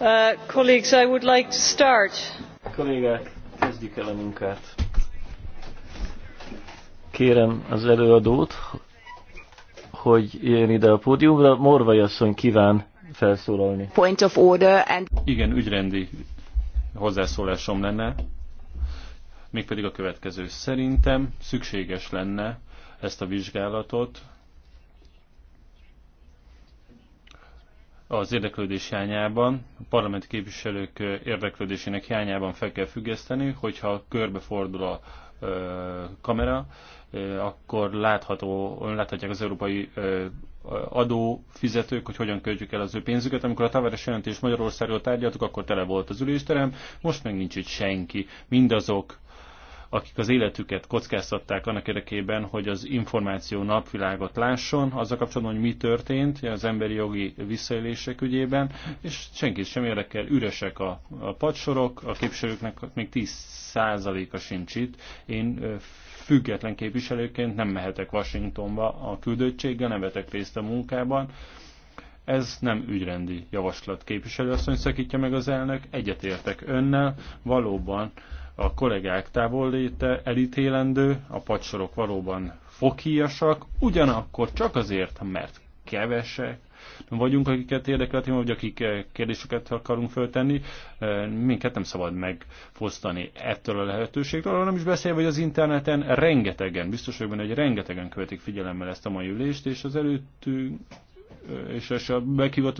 Uh, Kollégák, kezdjük el a munkát. Kérem az előadót, hogy jöjjön ide a pódiumra. Morvai asszony kíván felszólalni. Point of order and... Igen, ügyrendi hozzászólásom lenne, mégpedig a következő. Szerintem szükséges lenne ezt a vizsgálatot az érdeklődés hiányában, a parlamenti képviselők érdeklődésének hiányában fel kell függeszteni, hogyha körbefordul a kamera, akkor látható, láthatják az európai adófizetők, hogy hogyan költjük el az ő pénzüket. Amikor a Tavares jelentés Magyarországról tárgyaltuk, akkor tele volt az ülésterem, most meg nincs itt senki. Mindazok, akik az életüket kockáztatták annak érdekében, hogy az információ napvilágot lásson, azzal kapcsolatban, hogy mi történt az emberi jogi visszaélések ügyében, és senkit sem érdekel, üresek a, a padsorok, a képviselőknek még 10%-a sincs itt. Én független képviselőként nem mehetek Washingtonba a küldöttséggel, nem vetek részt a munkában, ez nem ügyrendi javaslat. Képviselőasszony szakítja meg az elnök, egyetértek önnel, valóban a kollégák távol léte elítélendő, a padsorok valóban fokhíjasak, ugyanakkor csak azért, mert kevesek, vagyunk, akiket érdekel a vagy akik eh, kérdéseket akarunk föltenni, eh, minket nem szabad megfosztani ettől a lehetőségtől, arról nem is beszélve, hogy az interneten rengetegen, biztos vagyok benne, hogy rengetegen követik figyelemmel ezt a mai ülést, és az előttünk és, és a meghívott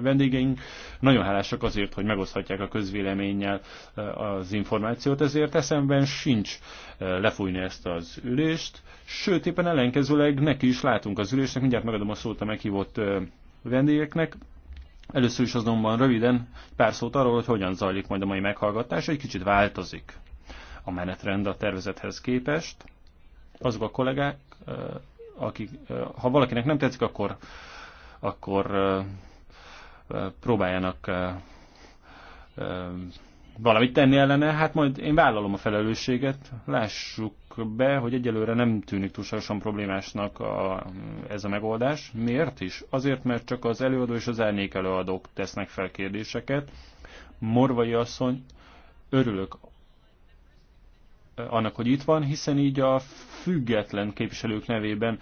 vendégeink nagyon hálásak azért, hogy megoszthatják a közvéleménnyel az információt, ezért eszemben sincs lefújni ezt az ülést, sőt éppen ellenkezőleg neki is látunk az ülésnek, mindjárt megadom a szót a meghívott vendégeknek, Először is azonban röviden pár szót arról, hogy hogyan zajlik majd a mai meghallgatás, egy kicsit változik a menetrend a tervezethez képest. Azok a kollégák, akik, ha valakinek nem tetszik, akkor, akkor próbáljanak valamit tenni ellene, hát majd én vállalom a felelősséget, lássuk be, hogy egyelőre nem tűnik túlságosan problémásnak a, ez a megoldás. Miért is? Azért, mert csak az előadó és az elnék előadók tesznek fel kérdéseket. Morvai asszony, örülök annak, hogy itt van, hiszen így a független képviselők nevében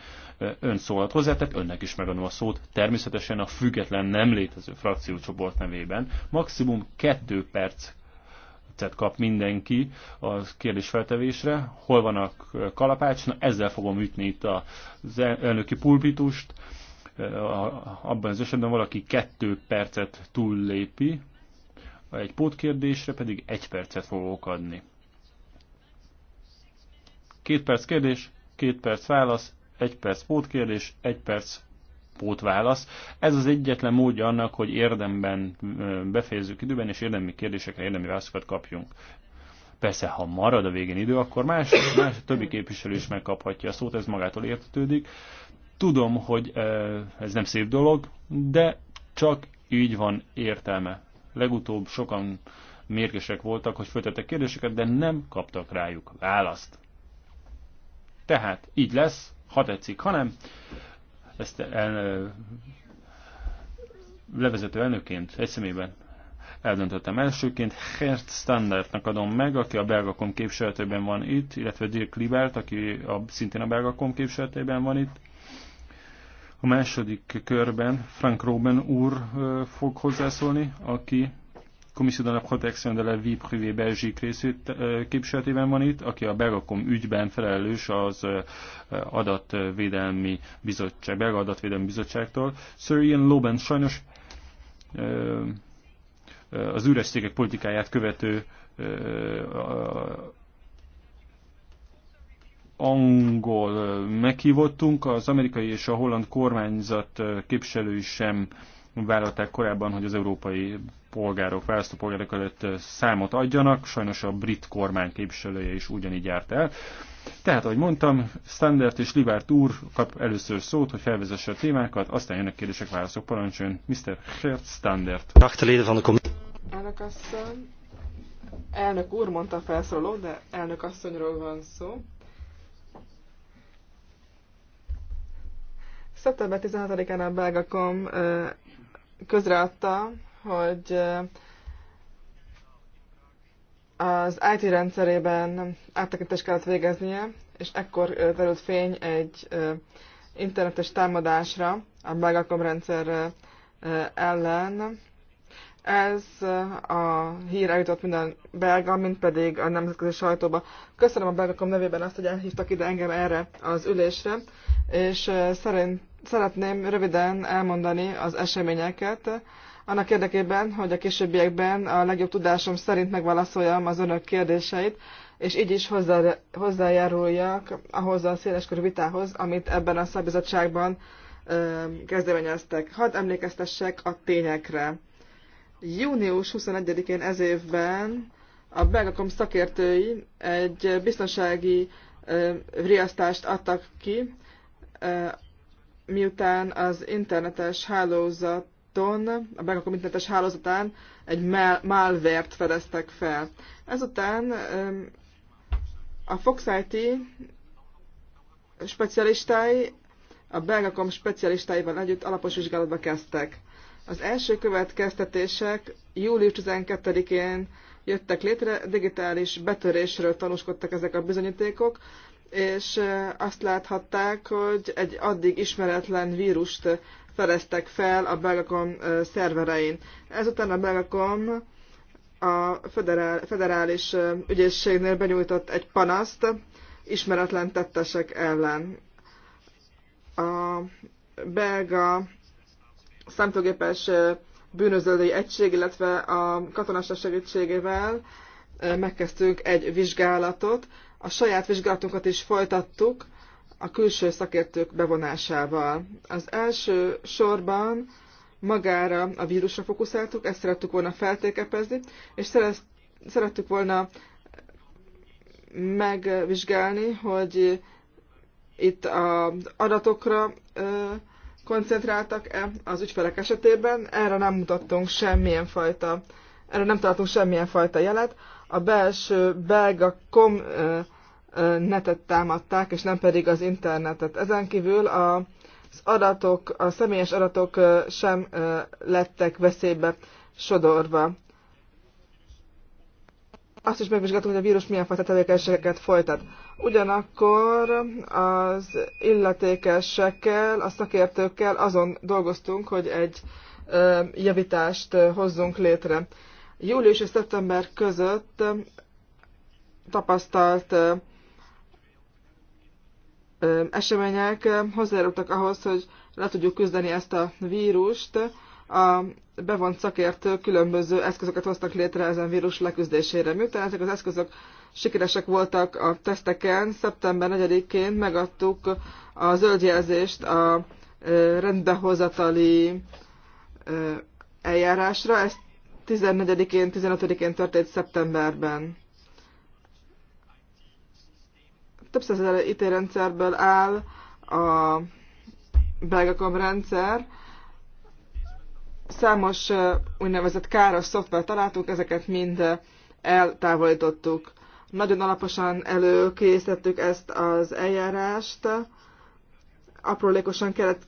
ön szólhat hozzá, tehát önnek is megadom a szót, természetesen a független nem létező frakciócsoport nevében. Maximum kettő perc percet kap mindenki a kérdés feltevésre. Hol van a kalapács? Na, ezzel fogom ütni itt az elnöki pulpitust. Abban az esetben valaki kettő percet túllépi, egy pótkérdésre pedig egy percet fogok adni. Két perc kérdés, két perc válasz, egy perc pótkérdés, egy perc pótválasz. Ez az egyetlen módja annak, hogy érdemben befejezzük időben, és érdemi kérdésekre érdemi válaszokat kapjunk. Persze, ha marad a végén idő, akkor más, más többi képviselő is megkaphatja a szót, ez magától értetődik. Tudom, hogy ez nem szép dolog, de csak így van értelme. Legutóbb sokan mérgesek voltak, hogy föltettek kérdéseket, de nem kaptak rájuk választ. Tehát így lesz, ha tetszik, hanem ezt el, levezető elnöként, egy szemében eldöntöttem elsőként. Hert Standardnak adom meg, aki a Belgakom képviseletében van itt, illetve Dirk Libert, aki a, szintén a Belgakom képviseletében van itt. A második körben Frank Roben úr fog hozzászólni, aki Commission de la Protection de la Vie Privé Belgique részét képviseletében van itt, aki a Belgakom ügyben felelős az adatvédelmi bizottság, Belga Adatvédelmi Bizottságtól. Sir Ian Loban sajnos az üres székek politikáját követő angol meghívottunk, az amerikai és a holland kormányzat képviselői sem vállalták korábban, hogy az európai polgárok, választópolgárok előtt számot adjanak, sajnos a brit kormány képviselője is ugyanígy járt el. Tehát, ahogy mondtam, Standard és Livárt úr kap először szót, hogy felvezesse a témákat, aztán jönnek kérdések, válaszok, parancsoljon Mr. Hert Standard. Elnök asszony, elnök úr mondta felszóló, de elnök asszonyról van szó. Szeptember 16-án a Belgakom közreadta, hogy az IT rendszerében áttekintést kellett végeznie, és ekkor terült fény egy internetes támadásra a Belgacom rendszer ellen, ez a hír eljutott minden belga, mint pedig a nemzetközi sajtóba. Köszönöm a belgakom nevében azt, hogy elhívtak ide engem erre az ülésre, és eh, szerint, szeretném röviden elmondani az eseményeket, annak érdekében, hogy a későbbiekben a legjobb tudásom szerint megválaszoljam az önök kérdéseit, és így is hozzá, hozzájáruljak ahhoz a széleskörű vitához, amit ebben a szabizottságban eh, kezdeményeztek. Hadd emlékeztessek a tényekre. Június 21-én ez évben a Belgakom szakértői egy biztonsági riasztást adtak ki, miután az internetes hálózaton, a Belgakom internetes hálózatán egy malvert fedeztek fel. Ezután a Fox IT specialistái a Belgakom specialistáival együtt alapos vizsgálatba kezdtek. Az első következtetések július 12-én jöttek létre, digitális betörésről tanúskodtak ezek a bizonyítékok, és azt láthatták, hogy egy addig ismeretlen vírust fedeztek fel a Belgacom szerverein. Ezután a Belgacom a federál, federális ügyészségnél benyújtott egy panaszt ismeretlen tettesek ellen. A belga számítógépes bűnözői egység, illetve a katonasság segítségével megkezdtünk egy vizsgálatot. A saját vizsgálatunkat is folytattuk a külső szakértők bevonásával. Az első sorban magára a vírusra fokuszáltuk, ezt szerettük volna feltékepezni, és szerettük volna megvizsgálni, hogy itt az adatokra koncentráltak-e az ügyfelek esetében, erre nem mutattunk semmilyen fajta, erre nem találtunk semmilyen fajta jelet. A belső belga kom netet támadták, és nem pedig az internetet. Ezen kívül a, az adatok, a személyes adatok sem lettek veszélybe sodorva. Azt is megvizsgáltuk, hogy a vírus milyen fajta tevékenységeket folytat. Ugyanakkor az illetékesekkel, a szakértőkkel azon dolgoztunk, hogy egy javítást hozzunk létre. Július és szeptember között tapasztalt események hozzájárultak ahhoz, hogy le tudjuk küzdeni ezt a vírust. A bevont szakértők különböző eszközöket hoztak létre ezen vírus leküzdésére. Miután ezek az eszközök sikeresek voltak a teszteken. Szeptember 4-én megadtuk a zöldjelzést a rendbehozatali eljárásra. Ez 14-én, 15-én történt szeptemberben. Több száz IT rendszerből áll a Belgacom rendszer. Számos úgynevezett káros szoftver találtuk ezeket mind eltávolítottuk. Nagyon alaposan előkészítettük ezt az eljárást. Aprólékosan kellett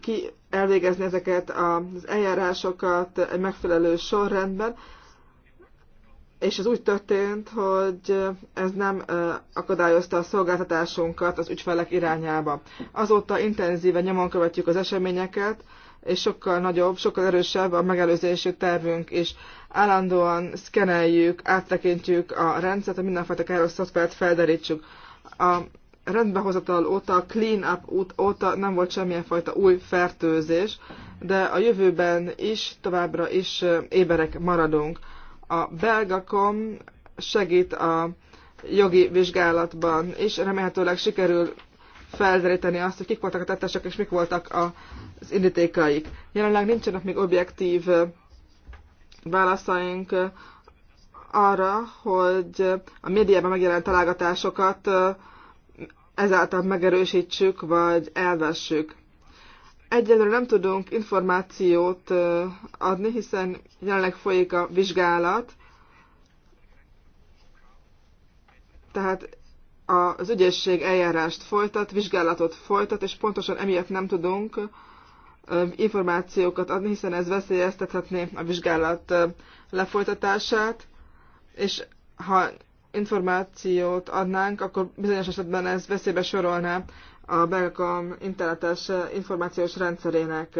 ki elvégezni ezeket az eljárásokat egy megfelelő sorrendben, és ez úgy történt, hogy ez nem akadályozta a szolgáltatásunkat az ügyfelek irányába. Azóta intenzíven nyomon követjük az eseményeket, és sokkal nagyobb, sokkal erősebb a megelőzési tervünk is. Állandóan szkeneljük, áttekintjük a rendszert, a mindenfajta káros szoftvert felderítsük. A rendbehozatal óta, a clean up óta nem volt semmilyen fajta új fertőzés, de a jövőben is, továbbra is éberek maradunk. A belgakom segít a jogi vizsgálatban, és remélhetőleg sikerül felderíteni azt, hogy kik voltak a tettesek és mik voltak az indítékaik. Jelenleg nincsenek még objektív válaszaink arra, hogy a médiában megjelent találgatásokat ezáltal megerősítsük, vagy elvessük. Egyelőre nem tudunk információt adni, hiszen jelenleg folyik a vizsgálat, tehát az ügyészség eljárást folytat, vizsgálatot folytat, és pontosan emiatt nem tudunk információkat adni, hiszen ez veszélyeztethetné a vizsgálat lefolytatását, és ha információt adnánk, akkor bizonyos esetben ez veszélybe sorolná a Belgacom internetes információs rendszerének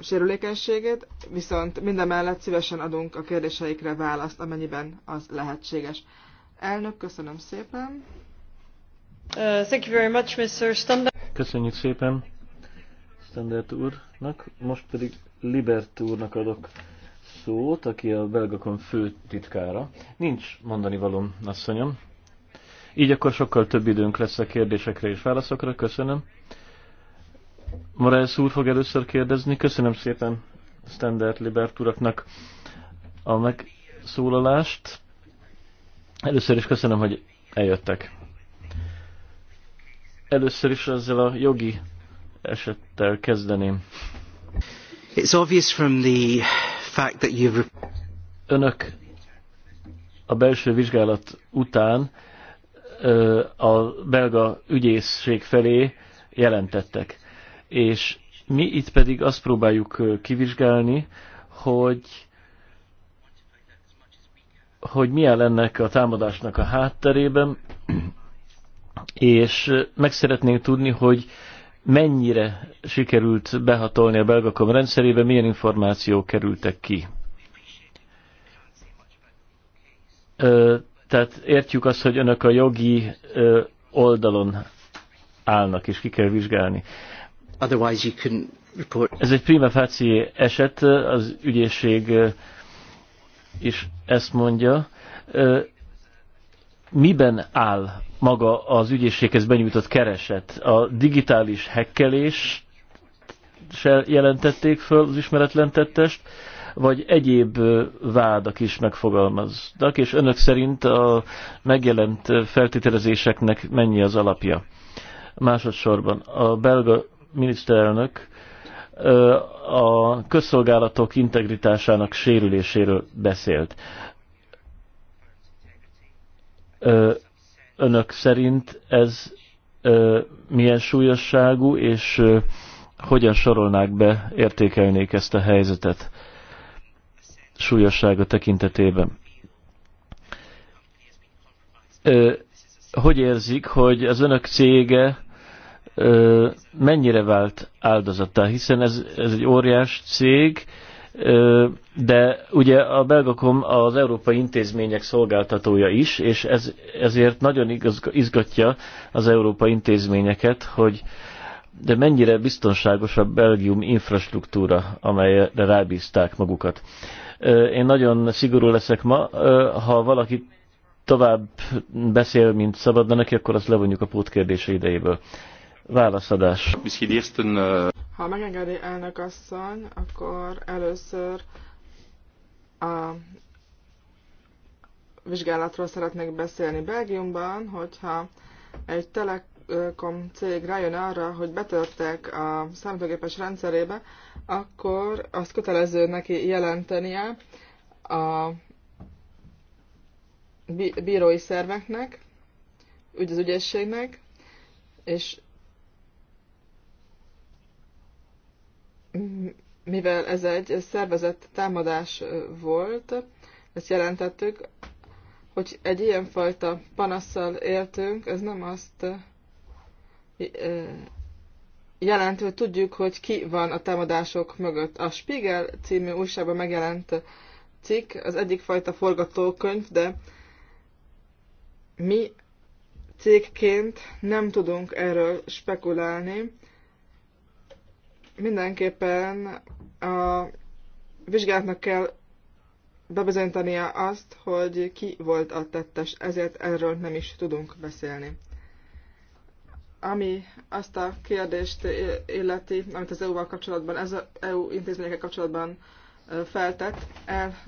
sérülékenységét, viszont mindemellett szívesen adunk a kérdéseikre választ, amennyiben az lehetséges. Elnök, köszönöm szépen. Uh, thank you very much, Mr. Standard. Köszönjük szépen Standard úrnak. Most pedig Libert úrnak adok szót, aki a Belgakon fő titkára. Nincs mondani valom, asszonyom. Így akkor sokkal több időnk lesz a kérdésekre és válaszokra. Köszönöm. Morales úr fog először kérdezni. Köszönöm szépen Standard Libert uraknak a megszólalást. Először is köszönöm, hogy eljöttek. Először is ezzel a jogi esettel kezdeném. It's obvious from the fact that you've... Önök a belső vizsgálat után a belga ügyészség felé jelentettek. És mi itt pedig azt próbáljuk kivizsgálni, hogy hogy milyen lenne a támadásnak a hátterében, és meg szeretnénk tudni, hogy mennyire sikerült behatolni a belgakom rendszerébe, milyen információk kerültek ki. Ö, tehát értjük azt, hogy önök a jogi ö, oldalon állnak, és ki kell vizsgálni. Ez egy prima facie eset, az ügyészség is ezt mondja. Miben áll maga az ügyészséghez benyújtott kereset? A digitális hekkelés jelentették föl az ismeretlen tettest, vagy egyéb vádak is megfogalmaznak, és önök szerint a megjelent feltételezéseknek mennyi az alapja? Másodszorban a belga miniszterelnök a közszolgálatok integritásának sérüléséről beszélt. Önök szerint ez milyen súlyosságú, és hogyan sorolnák be, értékelnék ezt a helyzetet súlyossága tekintetében? Hogy érzik, hogy az önök cége mennyire vált áldozatá, hiszen ez, ez egy óriás cég, de ugye a Belgakom az európai intézmények szolgáltatója is, és ez, ezért nagyon izgatja az európai intézményeket, hogy de mennyire biztonságos a Belgium infrastruktúra, amelyre rábízták magukat. Én nagyon szigorú leszek ma, ha valaki tovább beszél, mint szabadna neki, akkor azt levonjuk a pótkérdése idejéből válaszadás. Ha megengedi elnök asszony, akkor először a vizsgálatról szeretnék beszélni Belgiumban, hogyha egy telekom cég rájön arra, hogy betörtek a számítógépes rendszerébe, akkor azt kötelező neki jelentenie a bírói szerveknek, ügy az ügyészségnek, és mivel ez egy szervezett támadás volt, ezt jelentettük, hogy egy ilyenfajta panasszal éltünk, ez nem azt jelentő, hogy tudjuk, hogy ki van a támadások mögött. A Spiegel című újságban megjelent cikk az egyik fajta forgatókönyv, de mi cégként nem tudunk erről spekulálni. Mindenképpen a vizsgálatnak kell bebizonyítania azt, hogy ki volt a tettes, ezért erről nem is tudunk beszélni. Ami azt a kérdést illeti, amit az EU-val kapcsolatban, ez az EU intézményekkel kapcsolatban feltett, el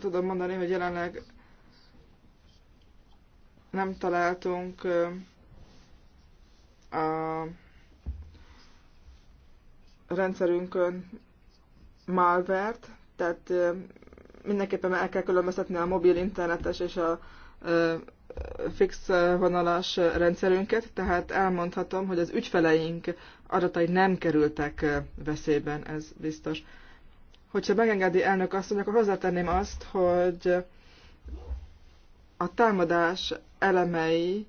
tudom mondani, hogy jelenleg nem találtunk a rendszerünkön malvert, tehát mindenképpen el kell különböztetni a mobil internetes és a fix vonalas rendszerünket, tehát elmondhatom, hogy az ügyfeleink adatai nem kerültek veszélyben, ez biztos. Hogyha megengedi elnök azt, akkor hozzátenném azt, hogy a támadás elemei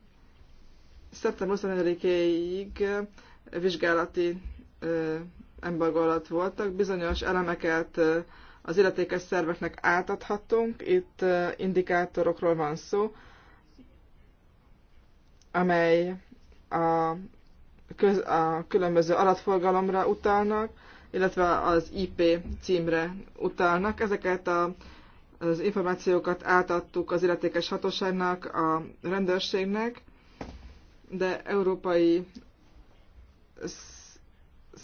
szeptember 24-éig vizsgálati embargo alatt voltak. Bizonyos elemeket az illetékes szerveknek átadhatunk. Itt indikátorokról van szó, amely a, köz, a különböző alatforgalomra utalnak, illetve az IP címre utalnak. Ezeket a, az információkat átadtuk az illetékes hatóságnak, a rendőrségnek, de európai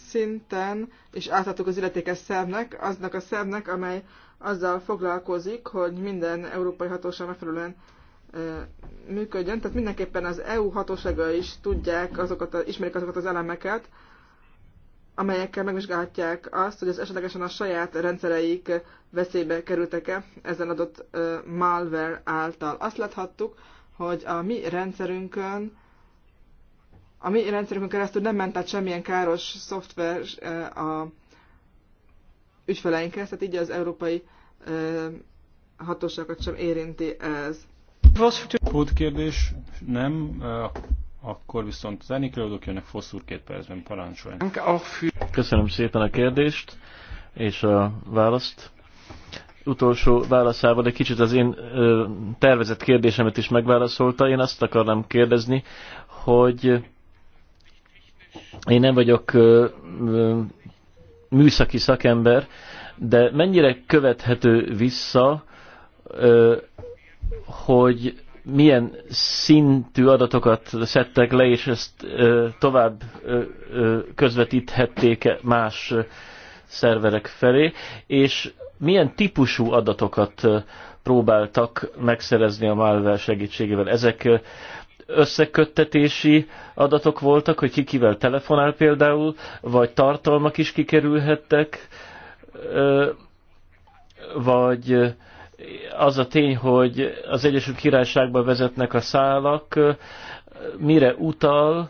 szinten és átadtuk az illetékes szervnek, aznak a szervnek, amely azzal foglalkozik, hogy minden európai hatóság megfelelően működjön. Tehát mindenképpen az EU hatósága is tudják azokat, a, ismerik azokat az elemeket, amelyekkel megvizsgálhatják azt, hogy az esetlegesen a saját rendszereik veszélybe kerültek-e ezen adott malware által. Azt láthattuk, hogy a mi rendszerünkön a mi rendszerünkön keresztül nem ment át semmilyen káros szoftver eh, a ügyfeleinkhez, tehát így az európai eh, hatóságokat sem érinti ez. kérdés, Nem. Eh, akkor viszont zenékelődők jönnek Foszúr két percben, parancsolj. Köszönöm szépen a kérdést és a választ. Utolsó válaszával egy kicsit az én ö, tervezett kérdésemet is megválaszolta. Én azt akarnám kérdezni, hogy én nem vagyok műszaki szakember, de mennyire követhető vissza, hogy milyen szintű adatokat szedtek le, és ezt tovább közvetíthették más szerverek felé, és milyen típusú adatokat próbáltak megszerezni a malware segítségével. Ezek összeköttetési adatok voltak, hogy ki kivel telefonál például, vagy tartalmak is kikerülhettek, vagy az a tény, hogy az Egyesült Királyságban vezetnek a szálak, mire utal,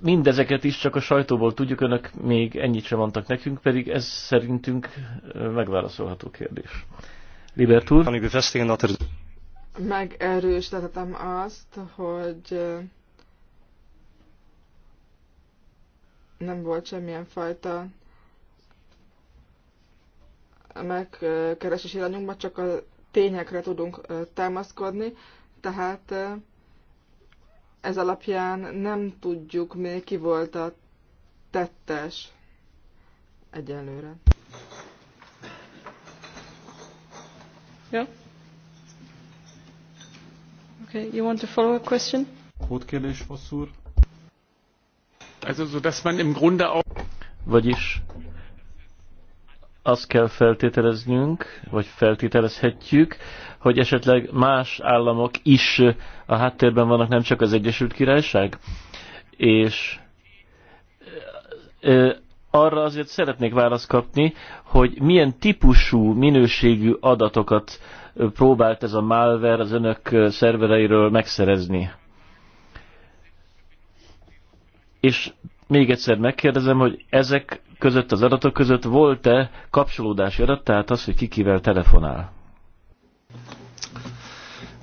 mindezeket is csak a sajtóból tudjuk, önök még ennyit sem mondtak nekünk, pedig ez szerintünk megválaszolható kérdés. Libert úr? megerősítettem azt, hogy nem volt semmilyen fajta megkeresés irányunkban, csak a tényekre tudunk támaszkodni, tehát ez alapján nem tudjuk még ki volt a tettes egyelőre. Ja. Okay, you want to follow a question? Also, so dass man im Grunde auch... Vagyis azt kell feltételeznünk, vagy feltételezhetjük, hogy esetleg más államok is a háttérben vannak, nem csak az Egyesült Királyság. És arra azért szeretnék választ kapni, hogy milyen típusú, minőségű adatokat próbált ez a malware az önök szervereiről megszerezni. És még egyszer megkérdezem, hogy ezek között, az adatok között volt-e kapcsolódási adat, tehát az, hogy ki kivel telefonál?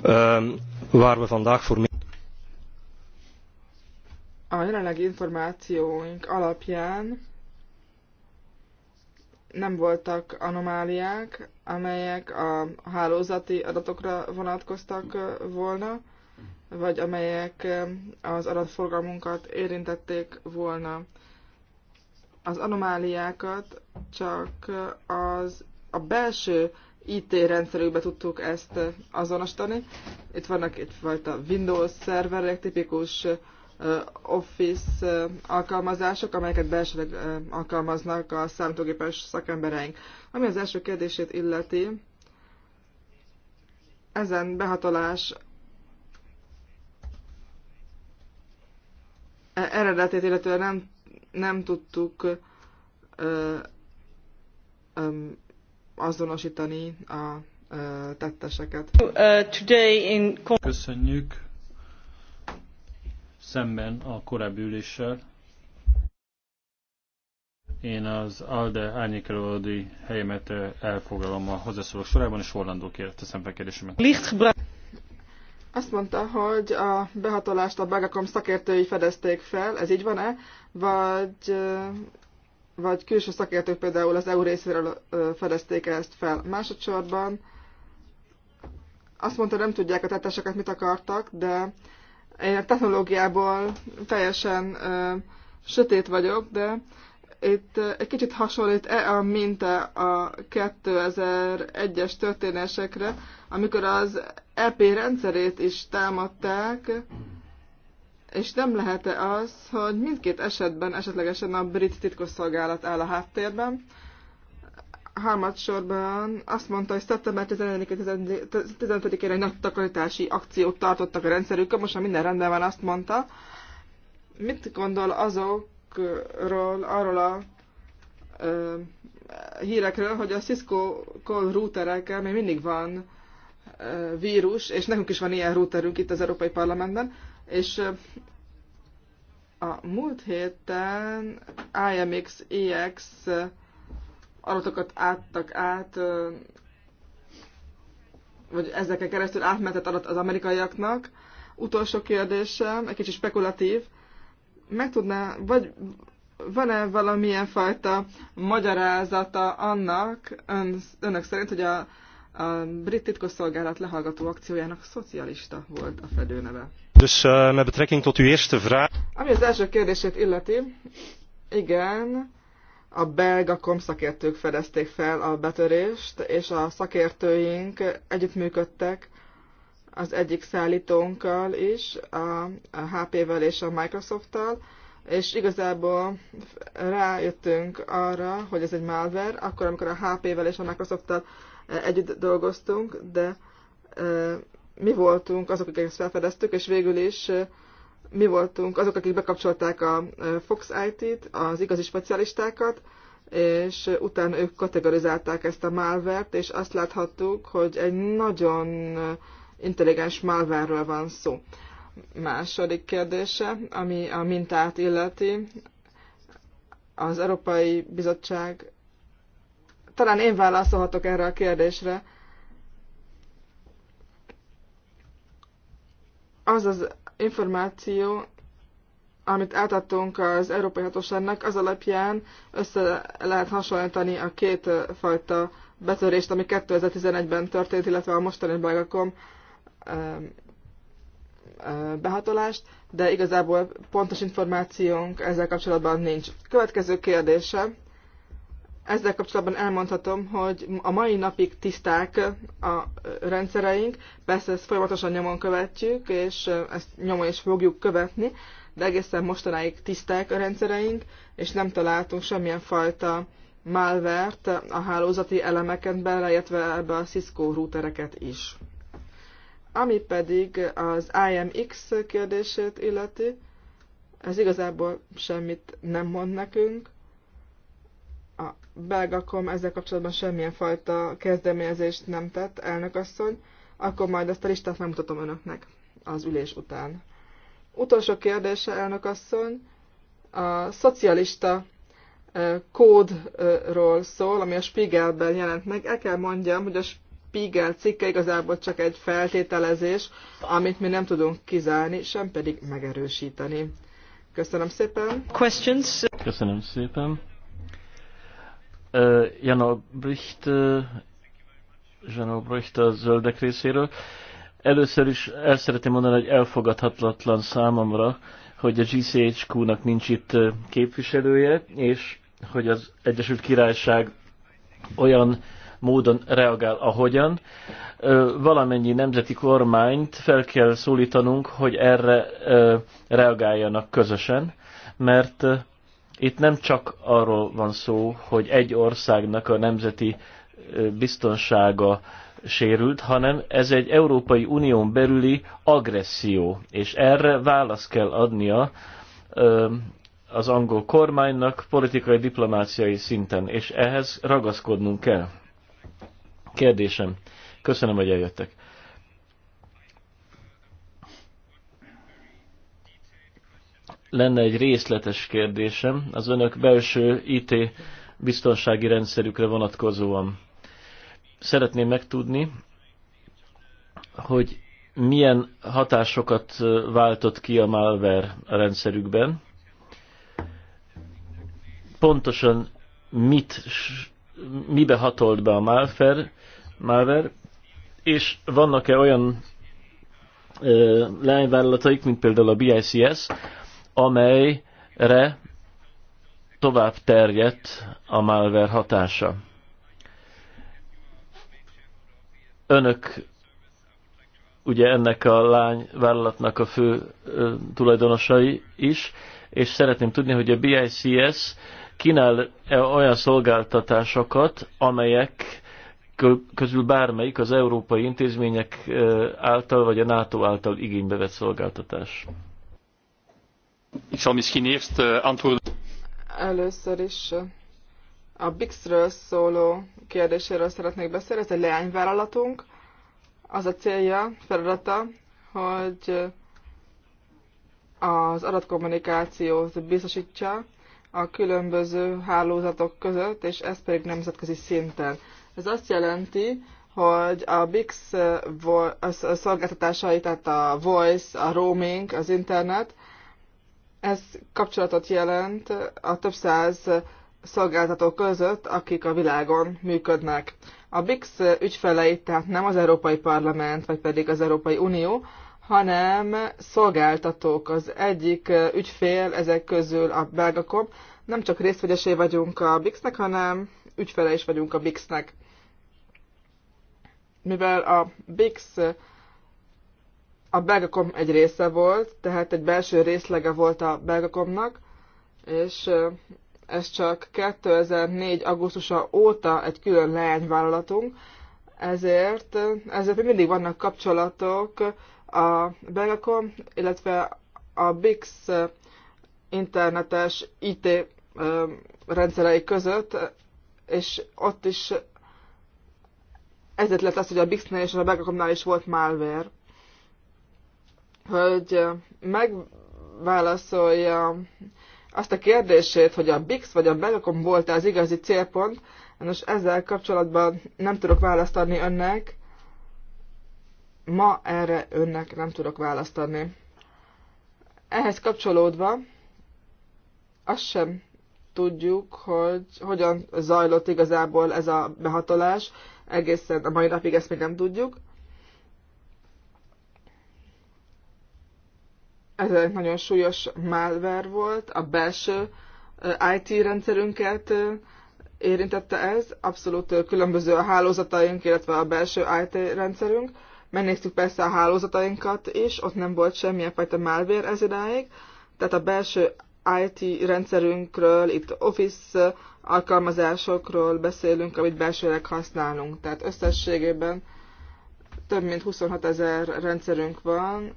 Um, waar we a jelenlegi információink alapján nem voltak anomáliák, amelyek a hálózati adatokra vonatkoztak volna, vagy amelyek az adatforgalmunkat érintették volna. Az anomáliákat csak az, a belső IT rendszerükbe tudtuk ezt azonosítani. Itt vannak itt Windows szerverek, tipikus Office alkalmazások, amelyeket belsőleg alkalmaznak a számítógépes szakembereink. Ami az első kérdését illeti, ezen behatolás e, eredetét illetően nem, nem tudtuk ö, ö, azonosítani a ö, tetteseket. Uh, Köszönjük szemben a korábbi üléssel. Én az ALDE árnyékelődi helyemet eh, elfoglalom a hozzászólók sorában, és Orlandó kérte teszem fel kérdésemet. Azt mondta, hogy a behatolást a Bagakom szakértői fedezték fel, ez így van-e? Vagy, eh, vagy külső szakértők például az EU részéről eh, fedezték ezt fel? Másodszorban azt mondta, nem tudják a tetteseket, mit akartak, de én a technológiából teljesen ö, sötét vagyok, de itt egy kicsit hasonlít -e a minta a 2001-es történésekre, amikor az EP rendszerét is támadták, és nem lehet-e az, hogy mindkét esetben esetlegesen a brit titkosszolgálat áll a háttérben, Hámat sorban azt mondta, hogy szeptember 15-én egy nagy takarítási akciót tartottak a rendszerükön, most már minden rendben van, azt mondta. Mit gondol azokról, arról a ö, hírekről, hogy a Cisco call routerekkel még mindig van ö, vírus, és nekünk is van ilyen routerünk itt az Európai Parlamentben, és ö, a múlt héten IMX EX adatokat áttak át, vagy ezeken keresztül átmentett adat az amerikaiaknak. Utolsó kérdésem, egy kicsit spekulatív. Meg tudná, vagy van-e valamilyen fajta magyarázata annak ön, önök szerint, hogy a, a brit titkosszolgálat lehallgató akciójának szocialista volt a fedőneve? Dus uh, met betrekking tot uw eerste vraag. Ami az első kérdését illeti, igen, a belga komszakértők fedezték fel a betörést, és a szakértőink együttműködtek az egyik szállítónkkal is, a HP-vel és a Microsoft-tal, és igazából rájöttünk arra, hogy ez egy malware, akkor, amikor a HP-vel és a Microsoft-tal e, együtt dolgoztunk, de e, mi voltunk azok, akik ezt felfedeztük, és végül is e, mi voltunk azok, akik bekapcsolták a Fox IT-t, az igazi specialistákat, és utána ők kategorizálták ezt a malvert, és azt láthattuk, hogy egy nagyon intelligens malverről van szó. Második kérdése, ami a mintát illeti, az Európai Bizottság, talán én válaszolhatok erre a kérdésre, az az információ, amit átadtunk az Európai Hatóságnak, az alapján össze lehet hasonlítani a két fajta betörést, ami 2011-ben történt, illetve a mostani belgakom behatolást, de igazából pontos információnk ezzel kapcsolatban nincs. Következő kérdése ezzel kapcsolatban elmondhatom, hogy a mai napig tiszták a rendszereink, persze ezt folyamatosan nyomon követjük, és ezt nyomon is fogjuk követni, de egészen mostanáig tiszták a rendszereink, és nem találtunk semmilyen fajta malvert a hálózati elemeken beleértve ebbe a Cisco routereket is. Ami pedig az IMX kérdését illeti, ez igazából semmit nem mond nekünk, Belgakom ezzel kapcsolatban semmilyen fajta kezdeményezést nem tett, elnökasszony, akkor majd ezt a listát megmutatom önöknek az ülés után. Utolsó kérdése, elnökasszony, a szocialista kódról szól, ami a Spiegelben jelent meg. El kell mondjam, hogy a Spiegel cikke igazából csak egy feltételezés, amit mi nem tudunk kizárni, sem pedig megerősíteni. Köszönöm szépen. Questions? Köszönöm szépen. Jan Albrecht, Jan Albrecht a zöldek részéről. Először is el szeretném mondani, hogy elfogadhatatlan számomra, hogy a GCHQ-nak nincs itt képviselője, és hogy az Egyesült Királyság olyan módon reagál, ahogyan. Valamennyi nemzeti kormányt fel kell szólítanunk, hogy erre reagáljanak közösen, mert itt nem csak arról van szó, hogy egy országnak a nemzeti biztonsága sérült, hanem ez egy Európai Unión belüli agresszió, és erre választ kell adnia az angol kormánynak politikai, diplomáciai szinten, és ehhez ragaszkodnunk kell. Kérdésem. Köszönöm, hogy eljöttek. lenne egy részletes kérdésem az önök belső IT biztonsági rendszerükre vonatkozóan. Szeretném megtudni, hogy milyen hatásokat váltott ki a malware a rendszerükben, pontosan mit, mibe hatolt be a malware, malware és vannak-e olyan leányvállalataik, mint például a BICS, amelyre tovább terjedt a malware hatása. Önök ugye ennek a lány vállalatnak a fő ö, tulajdonosai is, és szeretném tudni, hogy a BICS kínál -e olyan szolgáltatásokat, amelyek közül bármelyik az európai intézmények által vagy a NATO által igénybe vett szolgáltatás. Ik zal misschien eerst eh, antwoorden. Először is eh, a BIX-ről szóló kérdéséről szeretnék beszélni. Ez egy leányvállalatunk. Az a célja, feladata, hogy eh, az adatkommunikációt biztosítsa a különböző hálózatok között, és ez pedig nemzetközi szinten. Ez azt jelenti, hogy a BIX szolgáltatásai, tehát a voice, a roaming, az internet, ez kapcsolatot jelent a több száz szolgáltató között, akik a világon működnek. A BIX ügyfelei tehát nem az Európai Parlament, vagy pedig az Európai Unió, hanem szolgáltatók. Az egyik ügyfél ezek közül a belgakom. Nem csak részvegyesé vagyunk a BIX-nek, hanem ügyfele is vagyunk a BIX-nek. Mivel a BIX a belgakom egy része volt, tehát egy belső részlege volt a belgakomnak, és ez csak 2004. augusztusa óta egy külön leányvállalatunk, ezért, ezért mindig vannak kapcsolatok a Belgacom, illetve a BIX internetes IT rendszerei között, és ott is ezért lett az, hogy a Bixnél és a Belgacomnál is volt malware hogy megválaszolja azt a kérdését, hogy a BIX vagy a Belgakon volt az igazi célpont, nos ezzel kapcsolatban nem tudok választ adni önnek, ma erre önnek nem tudok választ adni. Ehhez kapcsolódva azt sem tudjuk, hogy hogyan zajlott igazából ez a behatolás, egészen a mai napig ezt még nem tudjuk. Ez egy nagyon súlyos malware volt, a belső IT rendszerünket érintette ez, abszolút különböző a hálózataink, illetve a belső IT rendszerünk. Megnéztük persze a hálózatainkat is, ott nem volt semmilyen fajta malware ez idáig, tehát a belső IT rendszerünkről, itt Office alkalmazásokról beszélünk, amit belsőleg használunk. Tehát összességében több mint 26 ezer rendszerünk van,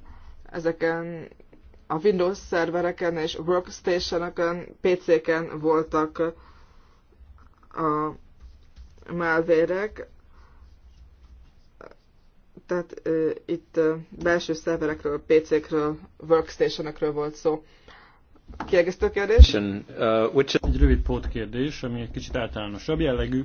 ezeken a Windows szervereken és workstation workstationokon, PC-ken voltak a malvérek, tehát uh, itt uh, belső szerverekről, PC-kről, workstation workstationokról volt szó. Kiegészítő kérdés? Uh, which... Egy rövid pótkérdés, ami egy kicsit általánosabb jellegű.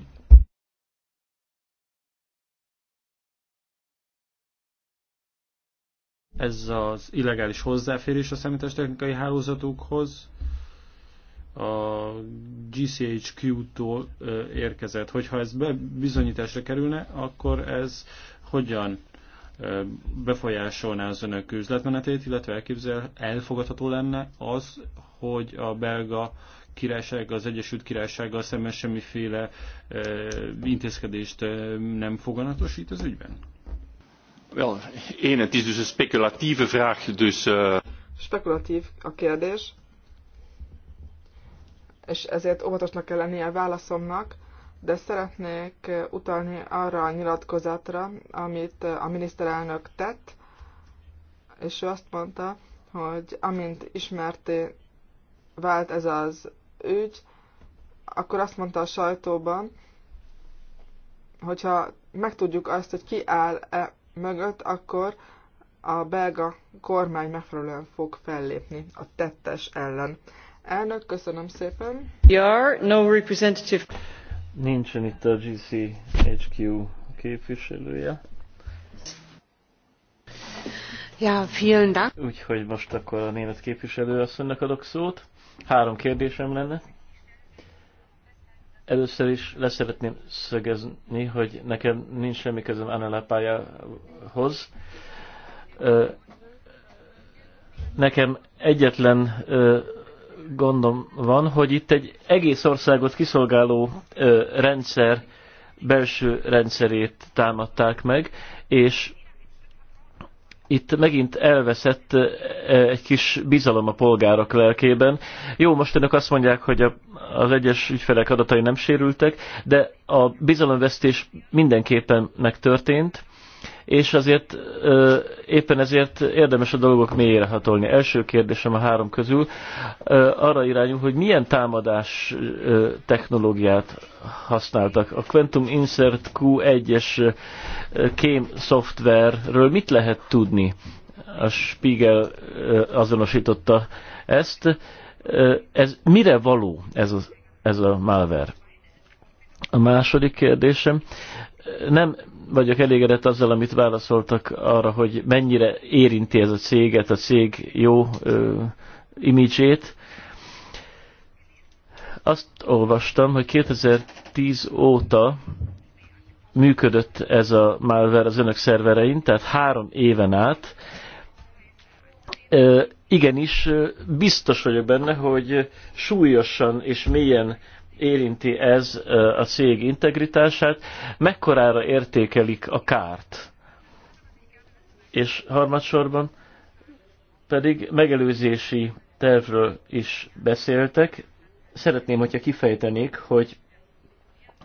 ez az illegális hozzáférés a technikai hálózatukhoz a GCHQ-tól érkezett. Hogyha ez bizonyításra kerülne, akkor ez hogyan befolyásolná az önök üzletmenetét, illetve elképzel, elfogadható lenne az, hogy a belga királyság, az Egyesült Királysággal szemben semmiféle intézkedést nem foganatosít az ügyben? Wel, één, het is dus een speculatieve vraag, dus... Uh... Eh, Speculatief a kérdés, és ezért óvatosnak kell lennie a válaszomnak, de szeretnék eh, utalni arra a nyilatkozatra, amit eh, a miniszterelnök tett, és ő azt mondta, hogy amint ismerté vált ez az ügy, akkor azt mondta a sajtóban, hogyha megtudjuk azt, hogy ki áll-e mögött, akkor a belga kormány megfelelően fog fellépni a tettes ellen. Elnök, köszönöm szépen. PR, no representative. Nincsen itt a GCHQ képviselője. Ja, vielen Dank. Úgyhogy most akkor a német képviselő asszonynak adok szót. Három kérdésem lenne. Először is leszeretném szögezni, hogy nekem nincs semmi közöm pályához. Nekem egyetlen gondom van, hogy itt egy egész országot kiszolgáló rendszer belső rendszerét támadták meg, és itt megint elveszett eh, egy kis bizalom a polgárok lelkében. Jó, most önök azt mondják, hogy a, az egyes ügyfelek adatai nem sérültek, de a bizalomvesztés mindenképpen megtörtént, és azért éppen ezért érdemes a dolgok mélyére hatolni. Első kérdésem a három közül arra irányul, hogy milyen támadás technológiát használtak. A Quantum Insert Q1-es kém szoftverről mit lehet tudni? A Spiegel azonosította ezt. Ez mire való ez a, ez a malware? A második kérdésem, nem vagyok elégedett azzal, amit válaszoltak arra, hogy mennyire érinti ez a céget, a cég jó imidzsét. Azt olvastam, hogy 2010 óta működött ez a malware az önök szerverein, tehát három éven át. Ö, igenis, biztos vagyok benne, hogy súlyosan és mélyen érinti ez a cég integritását, mekkorára értékelik a kárt. És harmadsorban pedig megelőzési tervről is beszéltek. Szeretném, hogyha kifejtenék, hogy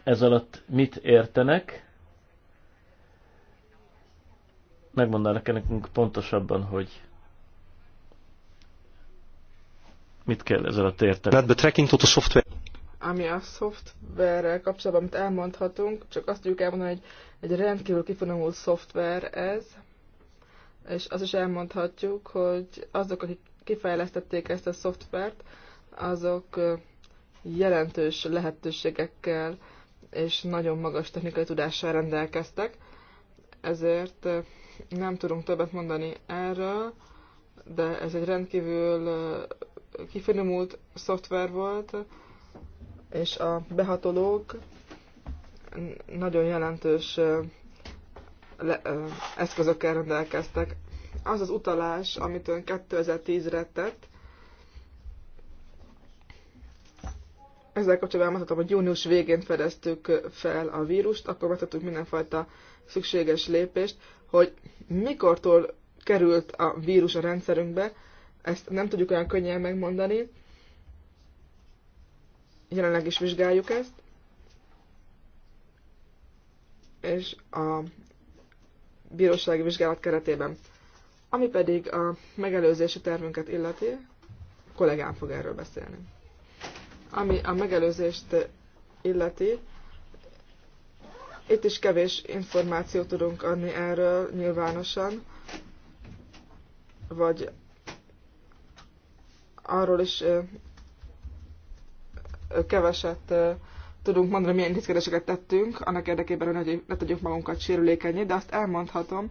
ez alatt mit értenek. Megmondanak -e nekünk pontosabban, hogy mit kell ezzel a tértelen. software ami a szoftverrel kapcsolatban, amit elmondhatunk, csak azt tudjuk elmondani, hogy egy rendkívül kifonomult szoftver ez, és azt is elmondhatjuk, hogy azok, akik kifejlesztették ezt a szoftvert, azok jelentős lehetőségekkel és nagyon magas technikai tudással rendelkeztek, ezért nem tudunk többet mondani erről, de ez egy rendkívül kifinomult szoftver volt, és a behatolók nagyon jelentős eszközökkel rendelkeztek. Az az utalás, amit ön 2010-re tett, ezzel kapcsolatban elmondhatom, hogy június végén fedeztük fel a vírust, akkor megtettünk mindenfajta szükséges lépést, hogy mikortól került a vírus a rendszerünkbe, ezt nem tudjuk olyan könnyen megmondani, jelenleg is vizsgáljuk ezt, és a bírósági vizsgálat keretében. Ami pedig a megelőzési tervünket illeti, a kollégám fog erről beszélni. Ami a megelőzést illeti, itt is kevés információt tudunk adni erről nyilvánosan, vagy arról is keveset tudunk mondani, milyen intézkedéseket tettünk, annak érdekében, hogy ne tudjuk magunkat sérülékenyé, de azt elmondhatom,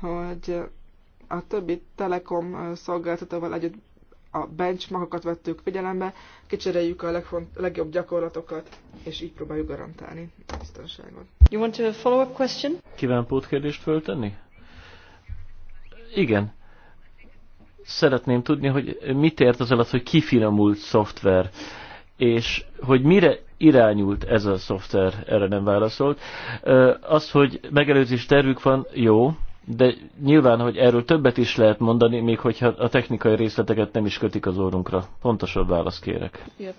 hogy a többi telekom szolgáltatóval együtt a benchmarkokat vettük figyelembe, kicseréljük a legfont, legjobb gyakorlatokat, és így próbáljuk garantálni a biztonságot. You want a follow-up question? Kíván pótkérdést föltenni? Igen. Szeretném tudni, hogy mit ért az alatt, hogy kifinomult szoftver és hogy mire irányult ez a szoftver, erre nem válaszolt. Az, hogy megelőzés tervük van, jó, de nyilván, hogy erről többet is lehet mondani, még hogyha a technikai részleteket nem is kötik az órunkra. Pontosabb választ kérek. Yep.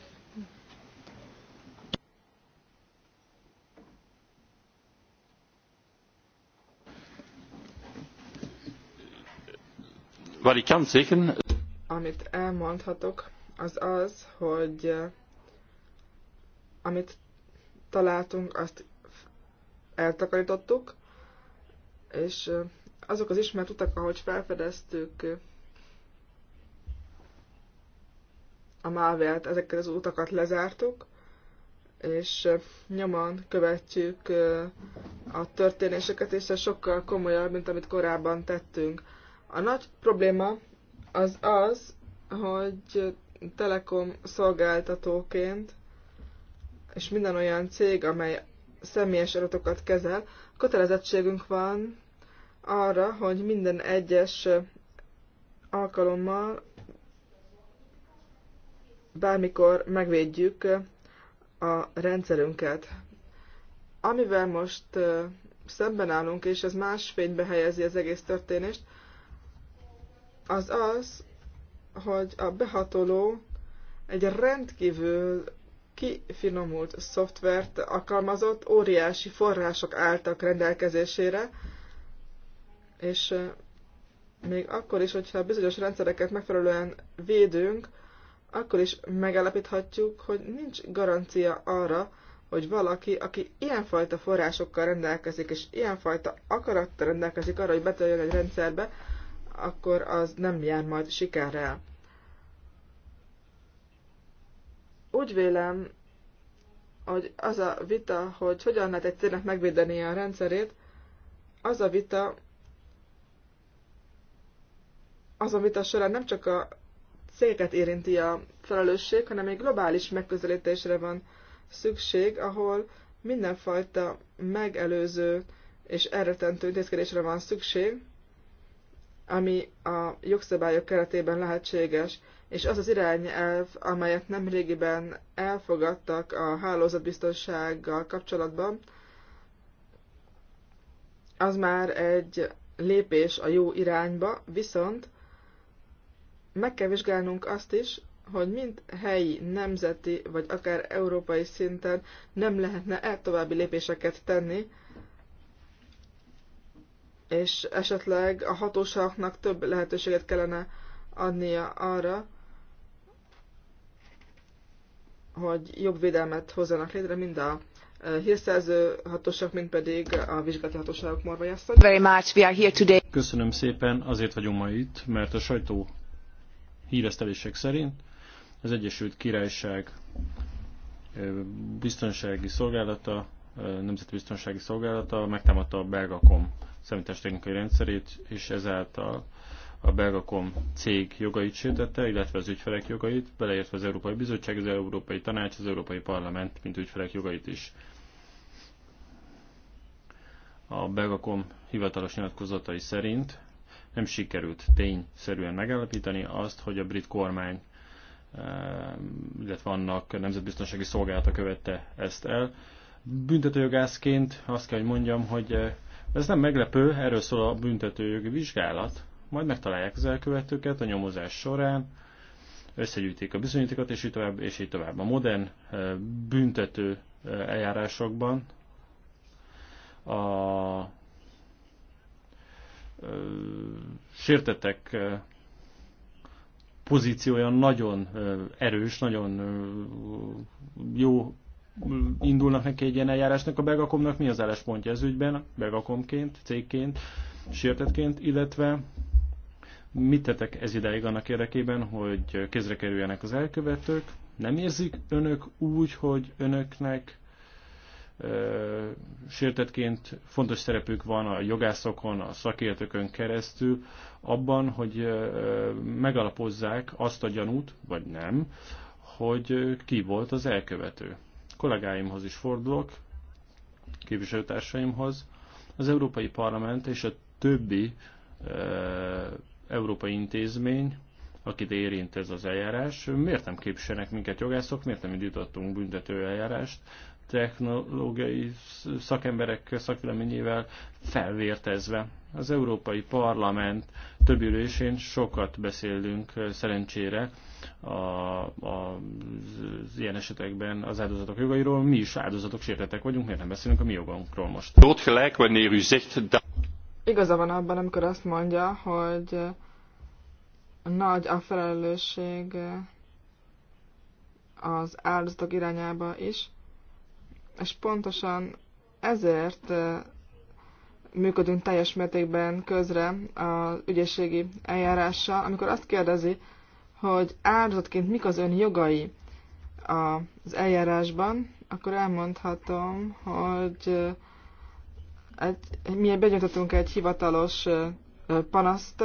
Amit elmondhatok, az az, hogy amit találtunk, azt eltakarítottuk, és azok az ismert utak, ahogy felfedeztük a mávelt, ezeket az utakat lezártuk, és nyomon követjük a történéseket, és ez sokkal komolyabb, mint amit korábban tettünk. A nagy probléma az az, hogy telekom szolgáltatóként és minden olyan cég, amely személyes adatokat kezel, kötelezettségünk van arra, hogy minden egyes alkalommal bármikor megvédjük a rendszerünket. Amivel most szemben állunk, és ez más fénybe helyezi az egész történést, az az, hogy a behatoló egy rendkívül kifinomult szoftvert alkalmazott, óriási források álltak rendelkezésére, és még akkor is, hogyha bizonyos rendszereket megfelelően védünk, akkor is megállapíthatjuk, hogy nincs garancia arra, hogy valaki, aki ilyenfajta forrásokkal rendelkezik, és ilyenfajta akarattal rendelkezik arra, hogy betöljön egy rendszerbe, akkor az nem jár majd sikerrel. Úgy vélem, hogy az a vita, hogy hogyan lehet egy cégnek megvédeni a rendszerét, az a vita, az a vita során nem csak a cégeket érinti a felelősség, hanem egy globális megközelítésre van szükség, ahol mindenfajta megelőző és elretentő intézkedésre van szükség, ami a jogszabályok keretében lehetséges és az az irányelv, amelyet nem elfogadtak a hálózatbiztonsággal kapcsolatban, az már egy lépés a jó irányba, viszont meg kell vizsgálnunk azt is, hogy mind helyi, nemzeti, vagy akár európai szinten nem lehetne el további lépéseket tenni, és esetleg a hatóságnak több lehetőséget kellene adnia arra, hogy jobb védelmet hozzanak létre mind a e, hírszerző hatóság, mint pedig a vizsgálati hatóságok morvajásztak. Very much. We are here today. Köszönöm szépen, azért vagyunk ma itt, mert a sajtó híresztelések szerint az Egyesült Királyság e, biztonsági szolgálata, e, nemzeti biztonsági szolgálata megtámadta a Belgakom számítástechnikai rendszerét, és ezáltal a Belgakom cég jogait sértette, illetve az ügyfelek jogait, beleértve az Európai Bizottság, az Európai Tanács, az Európai Parlament, mint ügyfelek jogait is. A Belgakom hivatalos nyilatkozatai szerint nem sikerült tényszerűen megállapítani azt, hogy a brit kormány eh, illetve annak nemzetbiztonsági szolgálata követte ezt el. Büntetőjogászként azt kell, hogy mondjam, hogy eh, ez nem meglepő, erről szól a büntetőjogi vizsgálat, majd megtalálják az elkövetőket a nyomozás során, összegyűjtik a bizonyítékat és így tovább, és így tovább. A modern büntető eljárásokban a sértetek pozíciója nagyon erős, nagyon jó indulnak neki egy ilyen eljárásnak. A Belgakomnak mi az álláspontja ez ügyben, Belgakomként, cégként, sértetként, illetve Mit tettek ez ideig annak érdekében, hogy kézre kerüljenek az elkövetők? Nem érzik önök úgy, hogy önöknek sértetként fontos szerepük van a jogászokon, a szakértőkön keresztül abban, hogy megalapozzák azt a gyanút, vagy nem, hogy ki volt az elkövető. Kollégáimhoz is fordulok, képviselőtársaimhoz. Az Európai Parlament és a többi európai intézmény, akit érint ez az eljárás, miért nem képviselnek minket jogászok, miért nem indítottunk büntető eljárást, technológiai szakemberek szakvéleményével felvértezve. Az Európai Parlament több ülésén sokat beszélünk szerencsére a, a, az ilyen esetekben az áldozatok jogairól. Mi is áldozatok sértetek vagyunk, miért nem beszélünk a mi jogunkról most? Igaza van abban, amikor azt mondja, hogy nagy a felelősség eh, az áldozatok irányába is, és pontosan ezért eh, működünk teljes mértékben közre az ügyességi eljárással, amikor azt kérdezi, hogy áldozatként mik az ön jogai az eljárásban, akkor elmondhatom, hogy eh, egy, mi begyújtottunk egy hivatalos panaszt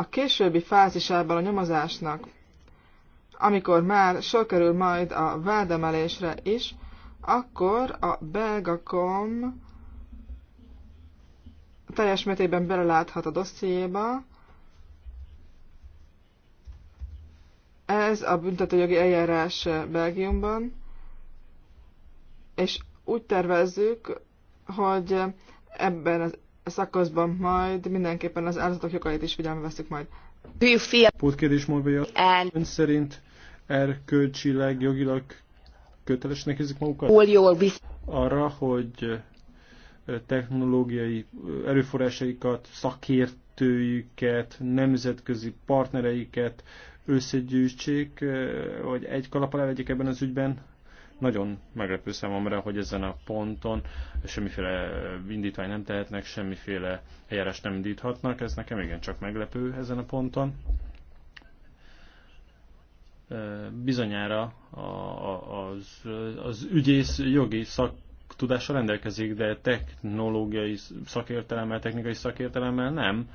a későbbi fázisában a nyomozásnak, amikor már sor kerül majd a vádemelésre is, akkor a belgakom teljes mértékben beleláthat a dossziéba. Ez a büntetőjogi eljárás Belgiumban, és úgy tervezzük, hogy ebben az szakaszban majd mindenképpen az áldozatok jogait is figyelme veszük majd. Pótkérdés Morvéja. Ön szerint erkölcsileg, jogilag kötelesnek érzik magukat? Arra, hogy technológiai erőforrásaikat, szakértőjüket, nemzetközi partnereiket összegyűjtsék, hogy egy kalap alá vegyék ebben az ügyben, nagyon meglepő számomra, hogy ezen a ponton semmiféle indítvány nem tehetnek, semmiféle eljárás nem indíthatnak. Ez nekem igencsak meglepő ezen a ponton. Bizonyára az, az ügyész jogi szak tudással rendelkezik, de technológiai szakértelemmel, technikai szakértelemmel nem.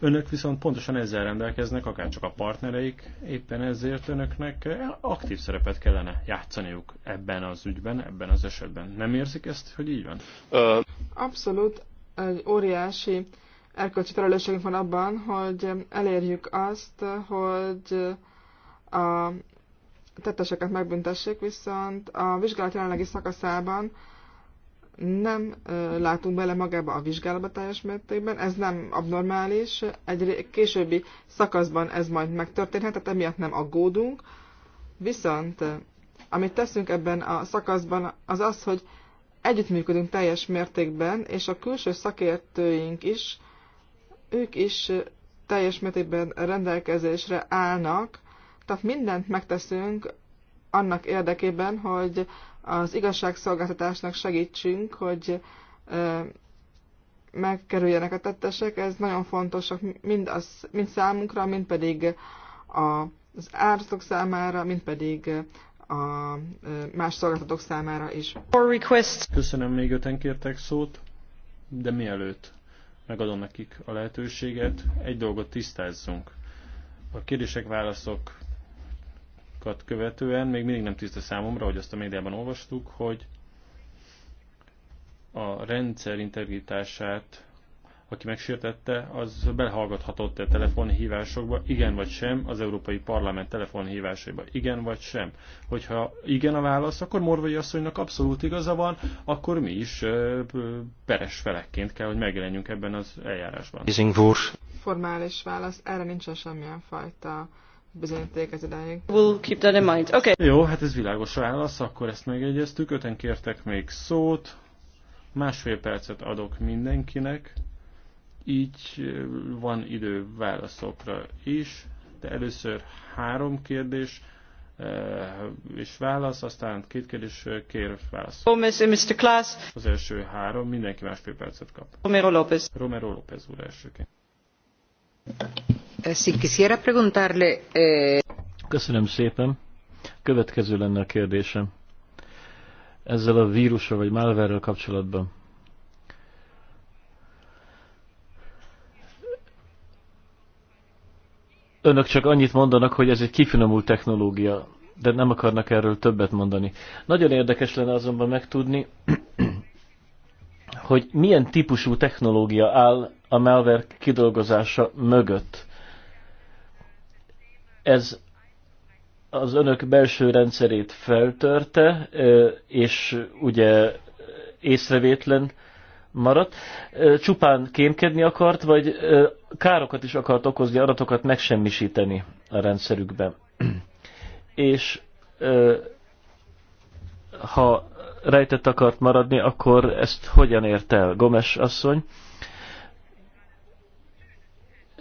Önök viszont pontosan ezzel rendelkeznek, akár csak a partnereik, éppen ezért önöknek aktív szerepet kellene játszaniuk ebben az ügyben, ebben az esetben. Nem érzik ezt, hogy így van? Abszolút, egy óriási erkölcsi felelősségünk van abban, hogy elérjük azt, hogy a tetteseket megbüntessék, viszont a vizsgálat jelenlegi szakaszában nem látunk bele magába a vizsgálatba teljes mértékben, ez nem abnormális, egy későbbi szakaszban ez majd megtörténhet, tehát emiatt nem aggódunk. Viszont amit teszünk ebben a szakaszban, az az, hogy együttműködünk teljes mértékben, és a külső szakértőink is, ők is teljes mértékben rendelkezésre állnak, tehát mindent megteszünk annak érdekében, hogy az igazságszolgáltatásnak segítsünk, hogy megkerüljenek a tettesek, ez nagyon fontos mind, az, mind számunkra, mind pedig az ártok számára, mind pedig a más szolgáltatók számára is. Köszönöm, még öten kértek szót, de mielőtt megadom nekik a lehetőséget, egy dolgot tisztázzunk. A kérdések, válaszok választásokat követően még mindig nem tiszta számomra, hogy azt a médiában olvastuk, hogy a rendszer integritását, aki megsértette, az belehallgathatott a -e telefonhívásokba, igen vagy sem, az Európai Parlament telefonhívásaiba, igen vagy sem. Hogyha igen a válasz, akkor Morvai asszonynak abszolút igaza van, akkor mi is peres felekként kell, hogy megjelenjünk ebben az eljárásban. Formális válasz, erre nincsen semmilyen fajta bizonyítéket idáig. We'll keep that in mind. Okay. Jó, hát ez világos válasz, akkor ezt megegyeztük. Öten kértek még szót. Másfél percet adok mindenkinek. Így van idő válaszokra is, de először három kérdés és válasz, aztán két kérdés kér válasz. Gomes Mr. Class. Az első három, mindenki másfél percet kap. Romero López. Romero López úr elsőként. Eh, eh, Köszönöm szépen. Következő lenne a kérdésem. Ezzel a vírusra vagy malware kapcsolatban. Önök csak annyit mondanak, hogy ez egy kifinomult technológia, de nem akarnak erről többet mondani. Nagyon érdekes lenne azonban megtudni, hogy milyen típusú technológia áll a malware kidolgozása mögött ez az önök belső rendszerét feltörte, és ugye észrevétlen maradt. Csupán kémkedni akart, vagy károkat is akart okozni, adatokat megsemmisíteni a rendszerükben. és ha rejtett akart maradni, akkor ezt hogyan ért el Gomes asszony?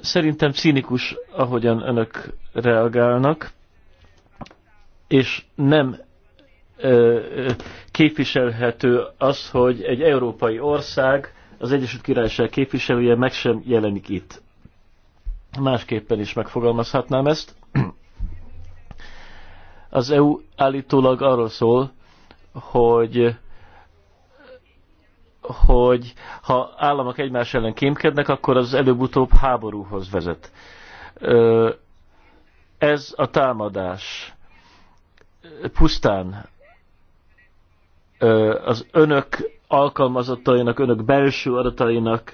Szerintem cínikus, ahogyan önök reagálnak, és nem képviselhető az, hogy egy európai ország az Egyesült Királyság képviselője meg sem jelenik itt. Másképpen is megfogalmazhatnám ezt. Az EU állítólag arról szól, hogy hogy ha államok egymás ellen kémkednek, akkor az előbb-utóbb háborúhoz vezet. Ez a támadás pusztán az önök alkalmazottainak, önök belső adatainak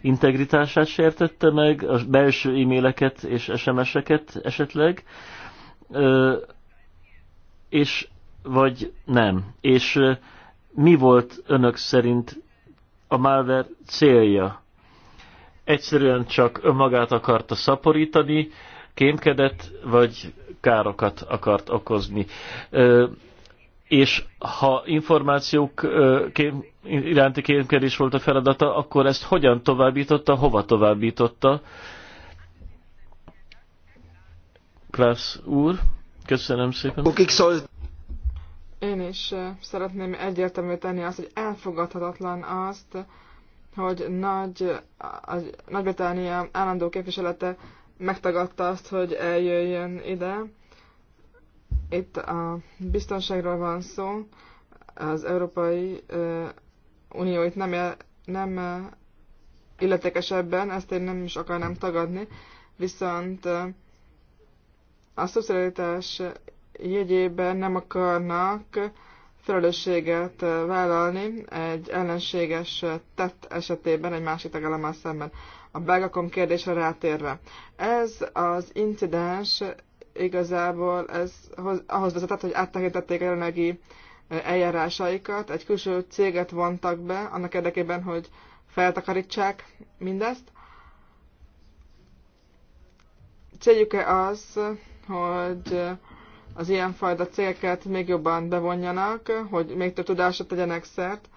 integritását sértette meg, a belső e-maileket és SMS-eket esetleg, és vagy nem. És mi volt önök szerint a Malver célja. Egyszerűen csak önmagát akarta szaporítani, kémkedett, vagy károkat akart okozni. Ö, és ha információk ö, kém, iránti kémkedés volt a feladata, akkor ezt hogyan továbbította, hova továbbította? Klász úr, köszönöm szépen. Én is szeretném egyértelmű tenni azt, hogy elfogadhatatlan azt, hogy nagy, a Nagy-Britannia állandó képviselete megtagadta azt, hogy eljöjjön ide. Itt a biztonságról van szó, az Európai Unió itt nem, nem illetékes ebben, ezt én nem is akarnám tagadni, viszont a szubszidiaritás jegyében nem akarnak felelősséget eh, vállalni egy ellenséges eh, tett esetében egy másik tagállammal szemben. A belgakom kérdésre rátérve. Ez az incidens igazából ez ahhoz vezetett, hogy áttekintették jelenlegi eh, eljárásaikat, egy külső céget vontak be annak érdekében, hogy feltakarítsák mindezt. Céljuk-e az, hogy az ilyenfajta célket még jobban bevonjanak, hogy még több tudásra tegyenek szert.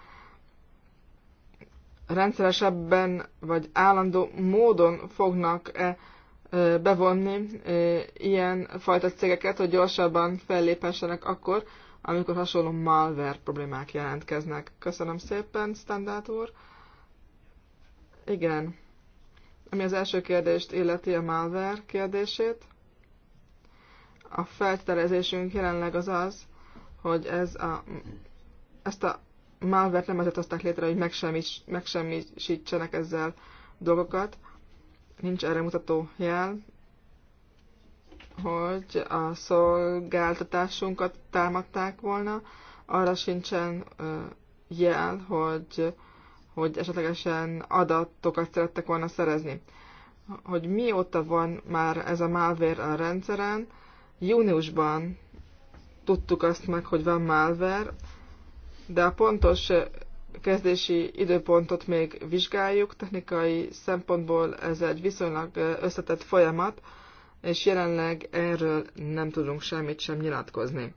Rendszeresebben vagy állandó módon fognak-e bevonni ilyen fajta cégeket, hogy gyorsabban felléphessenek akkor, amikor hasonló malware problémák jelentkeznek. Köszönöm szépen, Standard úr. Igen. Ami az első kérdést illeti a malware kérdését a feltételezésünk jelenleg az az, hogy ez a, ezt a malvert nem azért hozták létre, hogy megsemmisítsenek ezzel dolgokat. Nincs erre mutató jel, hogy a szolgáltatásunkat támadták volna. Arra sincsen jel, hogy, hogy esetlegesen adatokat szerettek volna szerezni. Hogy mióta van már ez a malware a rendszeren, Júniusban tudtuk azt meg, hogy van malware, de a pontos eh, kezdési időpontot még vizsgáljuk. Technikai szempontból ez egy viszonylag eh, összetett folyamat, és jelenleg erről nem tudunk semmit sem nyilatkozni.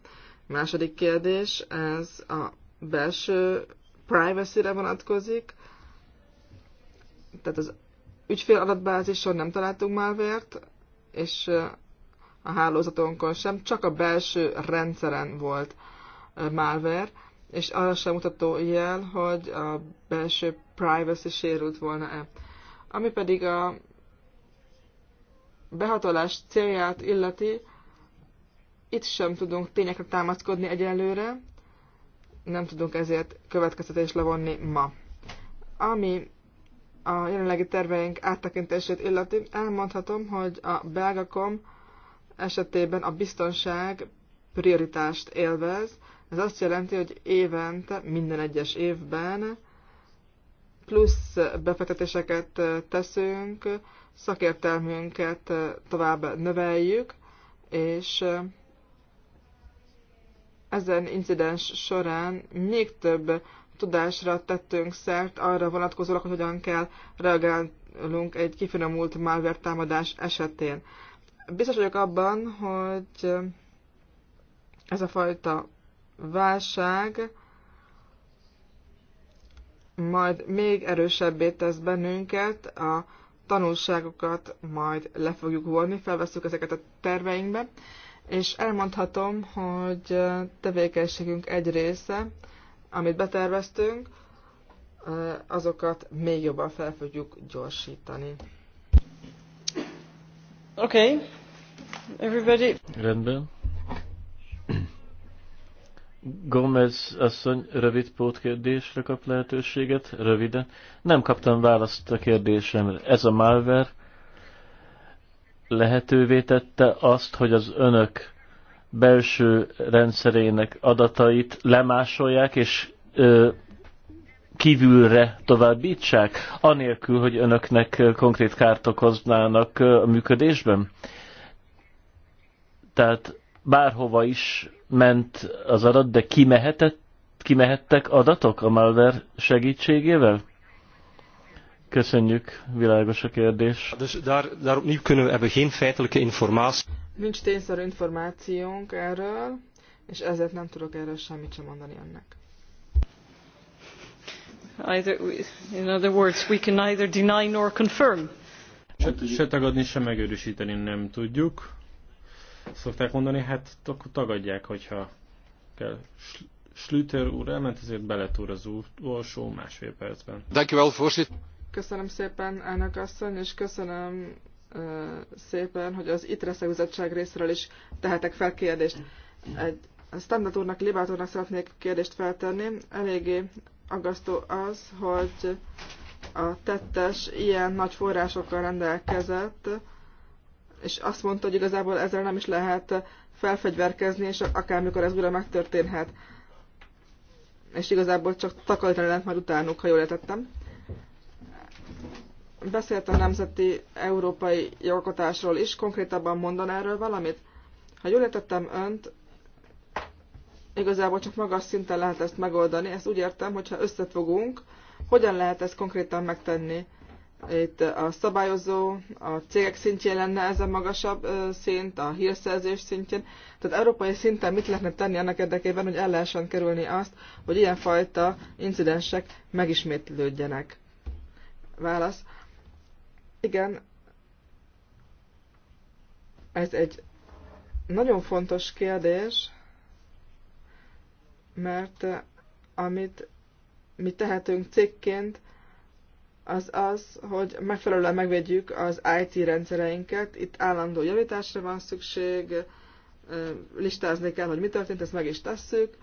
Második kérdés, ez a belső privacy-re vonatkozik, tehát az ügyfél adatbázison nem találtunk malvert, és eh, a hálózatonkon sem, csak a belső rendszeren volt malware, és arra sem mutató jel, hogy a belső privacy sérült volna-e. Ami pedig a behatolás célját illeti, itt sem tudunk tényekre támaszkodni egyelőre, nem tudunk ezért következtetés levonni ma. Ami a jelenlegi terveink áttekintését illeti, elmondhatom, hogy a belgakom esetében a biztonság prioritást élvez. Ez azt jelenti, hogy évente, minden egyes évben plusz befektetéseket teszünk, szakértelmünket tovább növeljük, és ezen incidens során még több tudásra tettünk szert arra vonatkozólag, hogy hogyan kell reagálnunk egy kifinomult malware támadás esetén. Biztos vagyok abban, hogy ez a fajta válság majd még erősebbé tesz bennünket, a tanulságokat majd le fogjuk vonni, felveszünk ezeket a terveinkbe, és elmondhatom, hogy tevékenységünk egy része, amit beterveztünk, azokat még jobban fel fogjuk gyorsítani. Okay. Everybody. Rendben. Gomez asszony rövid pótkérdésre kap lehetőséget, röviden. Nem kaptam választ a kérdésemre. Ez a malware lehetővé tette azt, hogy az önök belső rendszerének adatait lemásolják, és ö, kívülre továbbítsák, anélkül, hogy önöknek eh, konkrét kárt okoznának eh, a működésben? Tehát bárhova is ment az adat, de kimehetett, kimehettek adatok a Malver segítségével? Köszönjük, világos a kérdés. De daar, daar kunnen we hebben geen feitelijke informatie. Nincs tényszerű információnk erről, és ezért nem tudok erről semmit sem mondani ennek in other words, we can neither deny nor confirm. Se, tagadni, se megőrűsíteni nem tudjuk. Szokták mondani, hát akkor tagadják, hogyha kell. Schlüter úr elment, ezért beletúr az utolsó másfél percben. Köszönöm szépen, elnök asszony, és köszönöm uh, szépen, hogy az itt szakbizottság részről is tehetek fel kérdést. Egy Standard úrnak, Libát úrnak szeretnék kérdést feltenni. Eléggé aggasztó az, hogy a tettes ilyen nagy forrásokkal rendelkezett, és azt mondta, hogy igazából ezzel nem is lehet felfegyverkezni, és akármikor ez újra megtörténhet. És igazából csak takarítani lehet majd utánuk, ha jól értettem. Beszélt a nemzeti európai jogokatásról is, konkrétabban mondan erről valamit? Ha jól értettem önt, igazából csak magas szinten lehet ezt megoldani. Ezt úgy értem, hogyha összefogunk, hogyan lehet ezt konkrétan megtenni? Itt a szabályozó, a cégek szintjén lenne ez a magasabb szint, a hírszerzés szintjén. Tehát európai szinten mit lehetne tenni annak érdekében, hogy el lehessen kerülni azt, hogy ilyenfajta incidensek megismétlődjenek? Válasz. Igen, ez egy nagyon fontos kérdés mert eh, amit mi tehetünk cégként, az az, hogy megfelelően megvédjük az IT rendszereinket. Itt állandó javításra van szükség, eh, listázni kell, hogy mi történt, ezt meg is tesszük.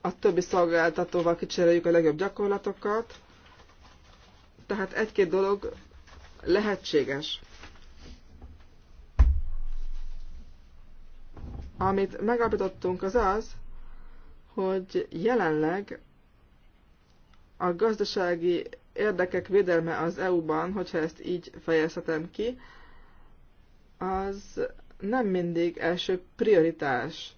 A többi szolgáltatóval kicseréljük a legjobb gyakorlatokat. Tehát egy-két dolog lehetséges. Amit megállapítottunk az az, hogy jelenleg a gazdasági érdekek védelme az EU-ban, hogyha ezt így fejezhetem ki, az nem mindig első prioritás.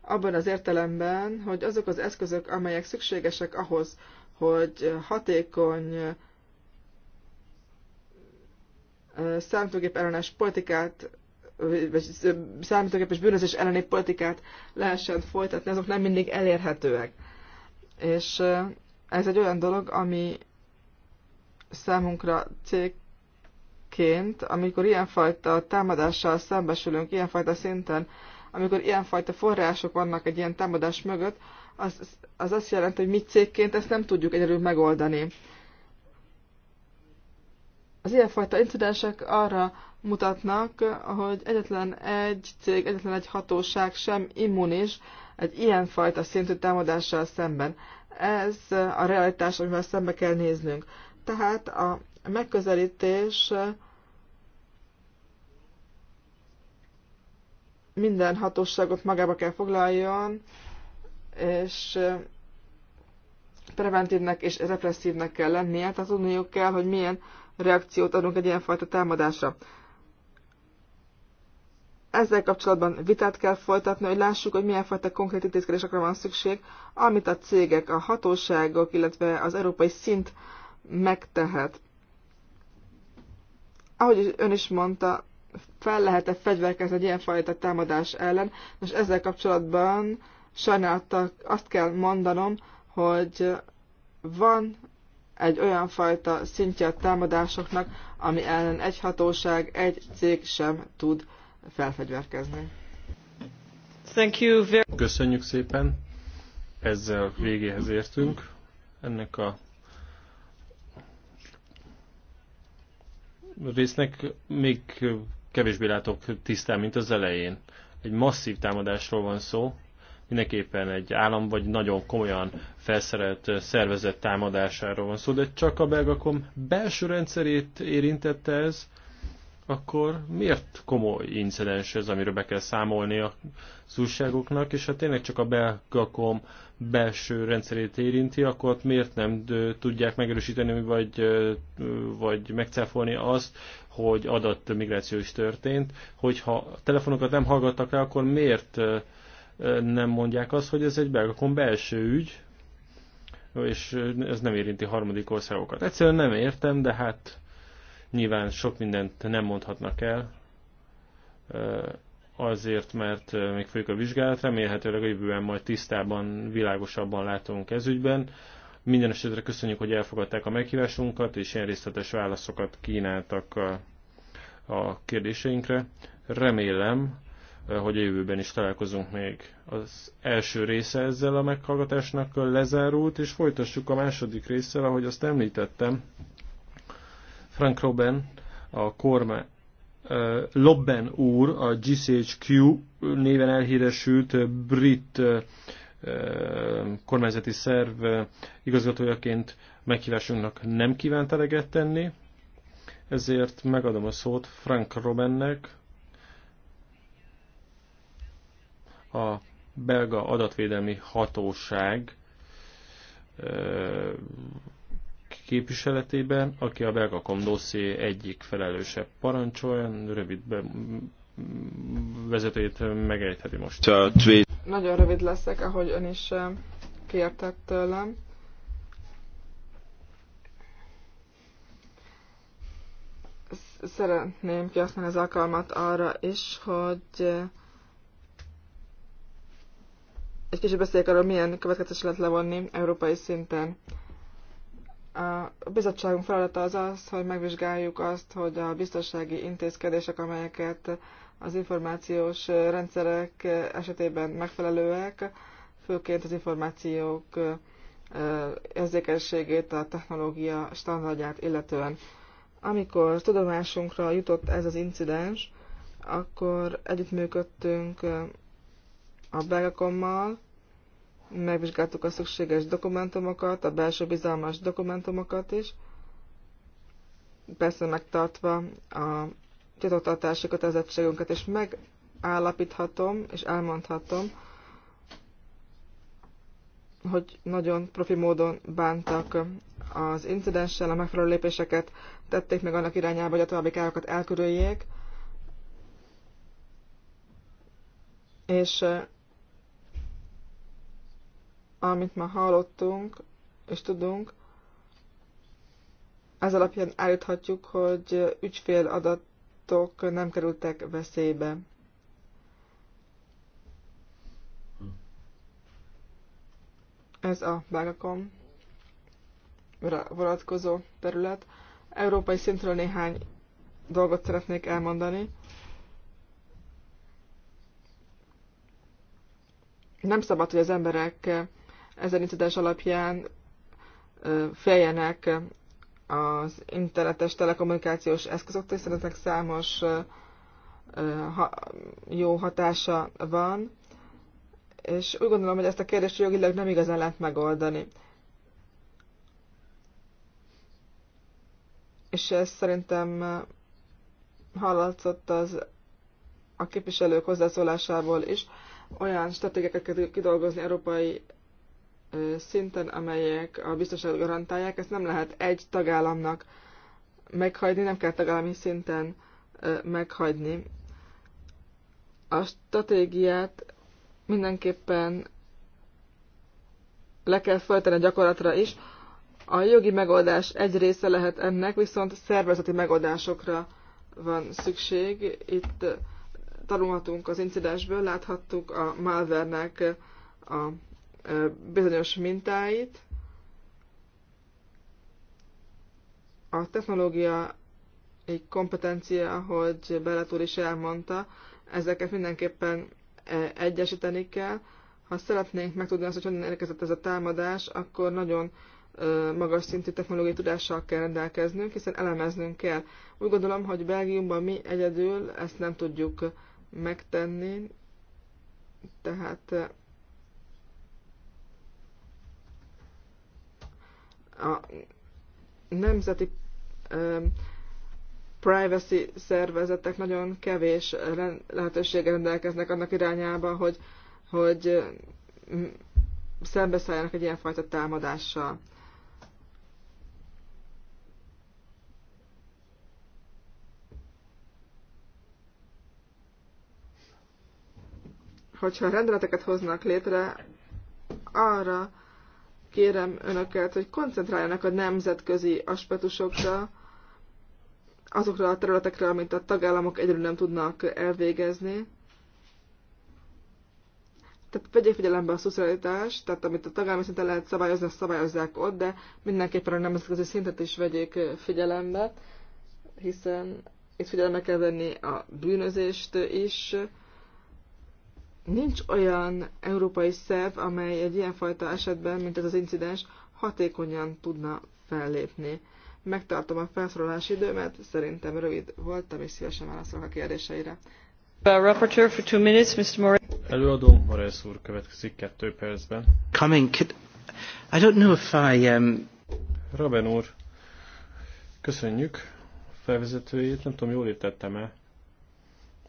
Abban az értelemben, hogy azok az eszközök, amelyek szükségesek ahhoz, hogy hatékony számítógép ellenes politikát vagy számítógépes bűnözés elleni politikát lehessen folytatni, azok nem mindig elérhetőek. És ez egy olyan dolog, ami számunkra cégként, amikor ilyenfajta támadással szembesülünk, ilyenfajta szinten, amikor ilyenfajta források vannak egy ilyen támadás mögött, az, az azt jelenti, hogy mi cégként ezt nem tudjuk egyelőre megoldani. Az ilyenfajta incidensek arra mutatnak, hogy egyetlen egy cég, egyetlen egy hatóság sem immunis egy ilyenfajta szintű támadással szemben. Ez a realitás, amivel szembe kell néznünk. Tehát a megközelítés minden hatóságot magába kell foglaljon, és preventívnek és represszívnek kell lennie, tehát tudniuk kell, hogy milyen reakciót adunk egy ilyenfajta támadásra. Ezzel kapcsolatban vitát kell folytatni, hogy lássuk, hogy milyen fajta konkrét intézkedésekre van szükség, amit a cégek, a hatóságok, illetve az európai szint megtehet. Ahogy ön is mondta, fel lehet-e fegyverkezni egy ilyenfajta támadás ellen, és ezzel kapcsolatban sajnálattal azt kell mondanom, hogy van egy olyan fajta szintje a támadásoknak, ami ellen egy hatóság, egy cég sem tud felfegyverkezni. Thank you very... Köszönjük szépen! Ezzel végéhez értünk ennek a résznek még kevésbé látok tisztán, mint az elején. Egy masszív támadásról van szó, mindenképpen egy állam vagy nagyon komolyan felszerelt szervezet támadásáról van szó, de csak a belgakom belső rendszerét érintette ez, akkor miért komoly incidens ez, amiről be kell számolni a újságoknak, és ha tényleg csak a belgakom belső rendszerét érinti, akkor ott miért nem tudják megerősíteni, vagy, vagy megcáfolni azt, hogy migráció is történt, hogyha telefonokat nem hallgattak le, akkor miért nem mondják azt, hogy ez egy belgakon belső ügy, és ez nem érinti harmadik országokat. Egyszerűen nem értem, de hát nyilván sok mindent nem mondhatnak el, azért, mert még folyik a vizsgálat, remélhetőleg a jövőben majd tisztában, világosabban látunk ez ügyben. Minden esetre köszönjük, hogy elfogadták a meghívásunkat, és ilyen részletes válaszokat kínáltak a, a kérdéseinkre. Remélem, hogy a jövőben is találkozunk még. Az első része ezzel a meghallgatásnak lezárult, és folytassuk a második résszel, ahogy azt említettem. Frank Robben, a uh, Lobben úr, a GCHQ néven elhíresült brit kormányzati szerv igazgatójaként meghívásunknak nem kívánt eleget tenni, ezért megadom a szót Frank Robennek, A belga adatvédelmi hatóság képviseletében, aki a belga komdószé egyik felelősebb parancsolja, rövid be, vezetőjét megejtheti most. Nagyon rövid leszek, ahogy ön is kértett tőlem. Szeretném kihasználni az alkalmat arra is, hogy egy kicsit beszéljek arról, milyen következtetés lehet levonni európai szinten. A bizottságunk feladata az az, hogy megvizsgáljuk azt, hogy a biztonsági intézkedések, amelyeket az információs rendszerek esetében megfelelőek, főként az információk érzékenységét, a technológia standardját illetően. Amikor tudomásunkra jutott ez az incidens, akkor együttműködtünk a belgakommal, megvizsgáltuk a szükséges dokumentumokat, a belső bizalmas dokumentumokat is, persze megtartva a titoktartási kötelezettségünket, és megállapíthatom és elmondhatom, hogy nagyon profi módon bántak az incidenssel, a megfelelő lépéseket tették meg annak irányába, hogy a további károkat elkörüljék, és amit már hallottunk és tudunk, ez alapján állíthatjuk, hogy ügyféladatok nem kerültek veszélybe. Ez a Bágakom vonatkozó terület. Európai szintről néhány dolgot szeretnék elmondani. Nem szabad, hogy az emberek ezen incidens alapján féljenek az internetes telekommunikációs eszközöktől, hiszen ezek számos jó hatása van, és úgy gondolom, hogy ezt a kérdést jogilag nem igazán lehet megoldani. És ez szerintem hallatszott az a képviselők hozzászólásából is, olyan stratégiákat kell kidolgozni európai szinten, amelyek a biztonságot garantálják, ezt nem lehet egy tagállamnak meghagyni, nem kell tagállami szinten meghagyni. A stratégiát mindenképpen le kell folytani a gyakorlatra is. A jogi megoldás egy része lehet ennek, viszont szervezeti megoldásokra van szükség. Itt tanulhatunk az incidensből, láthattuk a malvernek a bizonyos mintáit. A technológia egy kompetencia, ahogy Beletúr is elmondta, ezeket mindenképpen egyesíteni kell. Ha szeretnénk megtudni azt, hogy honnan érkezett ez a támadás, akkor nagyon magas szintű technológiai tudással kell rendelkeznünk, hiszen elemeznünk kell. Úgy gondolom, hogy Belgiumban mi egyedül ezt nem tudjuk megtenni, tehát a nemzeti privacy szervezetek nagyon kevés lehetőséggel rendelkeznek annak irányába, hogy, hogy szembeszálljanak egy ilyenfajta támadással. Hogyha rendeleteket hoznak létre, arra kérem önöket, hogy koncentráljanak a nemzetközi aspektusokra, azokra a területekre, amit a tagállamok egyről nem tudnak elvégezni. Tehát vegyék figyelembe a szocialitást, tehát amit a tagállami szinten lehet szabályozni, azt szabályozzák ott, de mindenképpen a nemzetközi szintet is vegyék figyelembe, hiszen itt figyelembe kell venni a bűnözést is, Nincs olyan európai szerv, amely egy ilyenfajta esetben, mint ez az incidens, hatékonyan tudna fellépni. Megtartom a felszólalási időmet, szerintem rövid voltam, és szívesen válaszolok a kérdéseire. Előadó Morales úr következik kettő percben. Coming, could... I don't know if I... Um... Robin úr, köszönjük a felvezetőjét, nem tudom, jól értettem-e,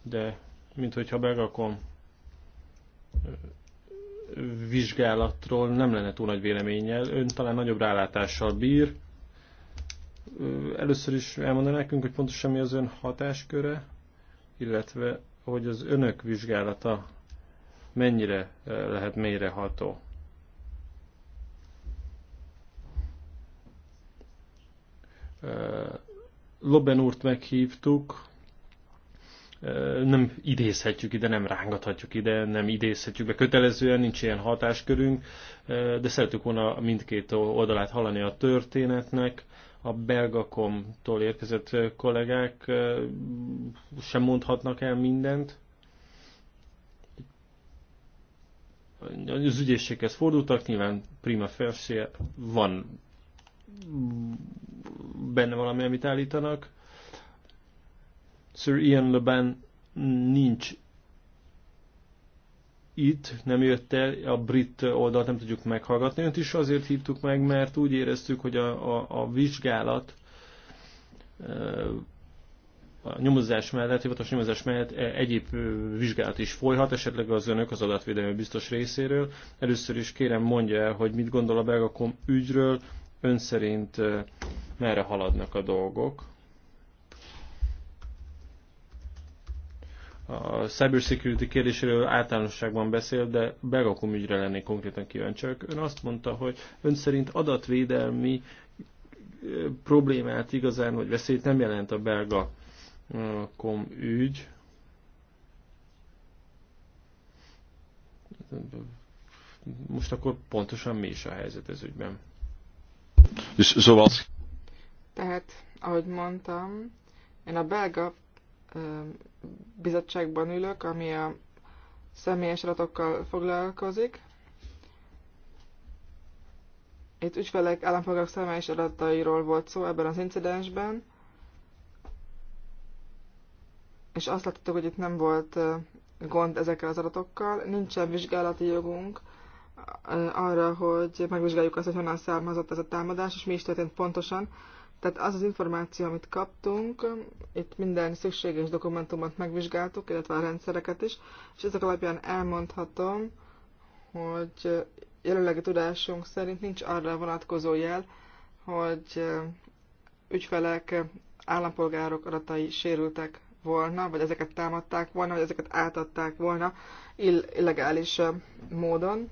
de mint hogyha Belgakon vizsgálatról nem lenne túl nagy véleménnyel. Ön talán nagyobb rálátással bír. Először is elmondaná nekünk, hogy pontosan mi az ön hatásköre, illetve hogy az önök vizsgálata mennyire lehet mélyreható. Loben úrt meghívtuk, nem idézhetjük ide, nem rángathatjuk ide, nem idézhetjük be kötelezően, nincs ilyen hatáskörünk, de szeretük volna mindkét oldalát hallani a történetnek. A belgakomtól érkezett kollégák sem mondhatnak el mindent. Az ügyészséghez fordultak, nyilván prima facie, van benne valami, amit állítanak Sir Ian LeBan nincs itt, nem jött el, a brit oldalt nem tudjuk meghallgatni. Önt is azért hívtuk meg, mert úgy éreztük, hogy a, a, a vizsgálat a nyomozás mellett, hivatalos nyomozás mellett e, egyéb vizsgálat is folyhat, esetleg az önök az adatvédelmi biztos részéről. Először is kérem mondja el, hogy mit gondol a Belgakom ügyről, ön szerint merre haladnak a dolgok. a cybersecurity kérdéséről általánosságban beszél, de Begakum ügyre lennék konkrétan kíváncsiak. Ön azt mondta, hogy ön szerint adatvédelmi problémát igazán, vagy veszélyt nem jelent a belga kom ügy. Most akkor pontosan mi is a helyzet ez ügyben? És szóval... Tehát, ahogy mondtam, én a belga bizottságban ülök, ami a személyes adatokkal foglalkozik. Itt ügyfelek, állampolgárok személyes adatairól volt szó ebben az incidensben, és azt láttuk, hogy itt nem volt gond ezekkel az adatokkal. Nincsen vizsgálati jogunk arra, hogy megvizsgáljuk azt, hogy honnan származott ez a támadás, és mi is történt pontosan tehát az az információ, amit kaptunk, itt minden szükséges dokumentumot megvizsgáltuk, illetve a rendszereket is, és ezek alapján elmondhatom, hogy jelenlegi tudásunk szerint nincs arra vonatkozó jel, hogy eh, ügyfelek, állampolgárok adatai sérültek volna, vagy ezeket támadták volna, vagy ezeket átadták volna illegális eh, módon.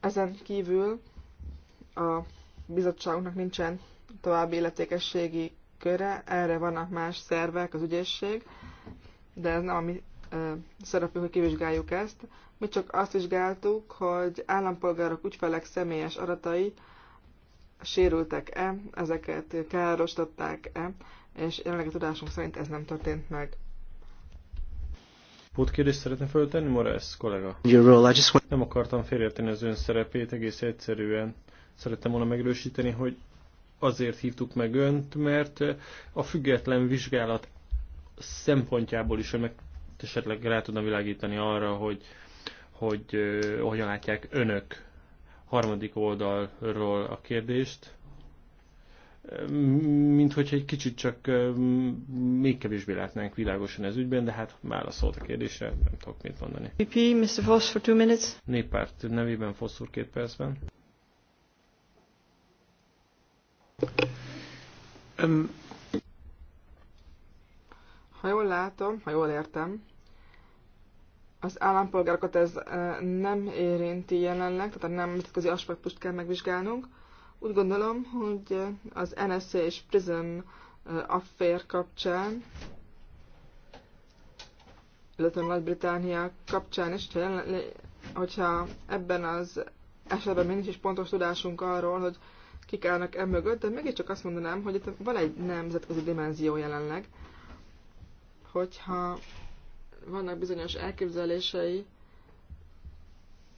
Ezen kívül a bizottságunknak nincsen további illetékességi köre, erre vannak más szervek, az ügyészség, de ez nem a mi szerepünk, hogy kivizsgáljuk ezt. Mi csak azt vizsgáltuk, hogy állampolgárok, ügyfelek személyes adatai sérültek-e, ezeket károsították-e, és a tudásunk szerint ez nem történt meg. Pót kérdést szeretne feltenni, Morales kollega? Nem akartam félérteni az ön szerepét, egész egyszerűen szerettem volna megerősíteni, hogy azért hívtuk meg önt, mert a független vizsgálat szempontjából is meg esetleg rá tudna világítani arra, hogy, hogy hogyan látják önök harmadik oldalról a kérdést, mint hogyha egy kicsit csak még kevésbé látnánk világosan ez ügyben, de hát válaszolt a kérdésre, nem tudok mit mondani. PP, Mr. Voss for two minutes. Néppárt nevében Fosszúr két percben. Ha jól látom, ha jól értem, az állampolgárokat ez eh, nem érinti jelenleg, tehát a nemzetközi aspektust kell megvizsgálnunk. Úgy gondolom, hogy az NSC és PRISM eh, affair kapcsán, illetve Nagy-Britannia kapcsán is, hogyha ebben az esetben mindig is pontos tudásunk arról, hogy kik állnak emögött, de csak azt mondanám, hogy itt van egy nemzetközi dimenzió jelenleg, hogyha vannak bizonyos elképzelései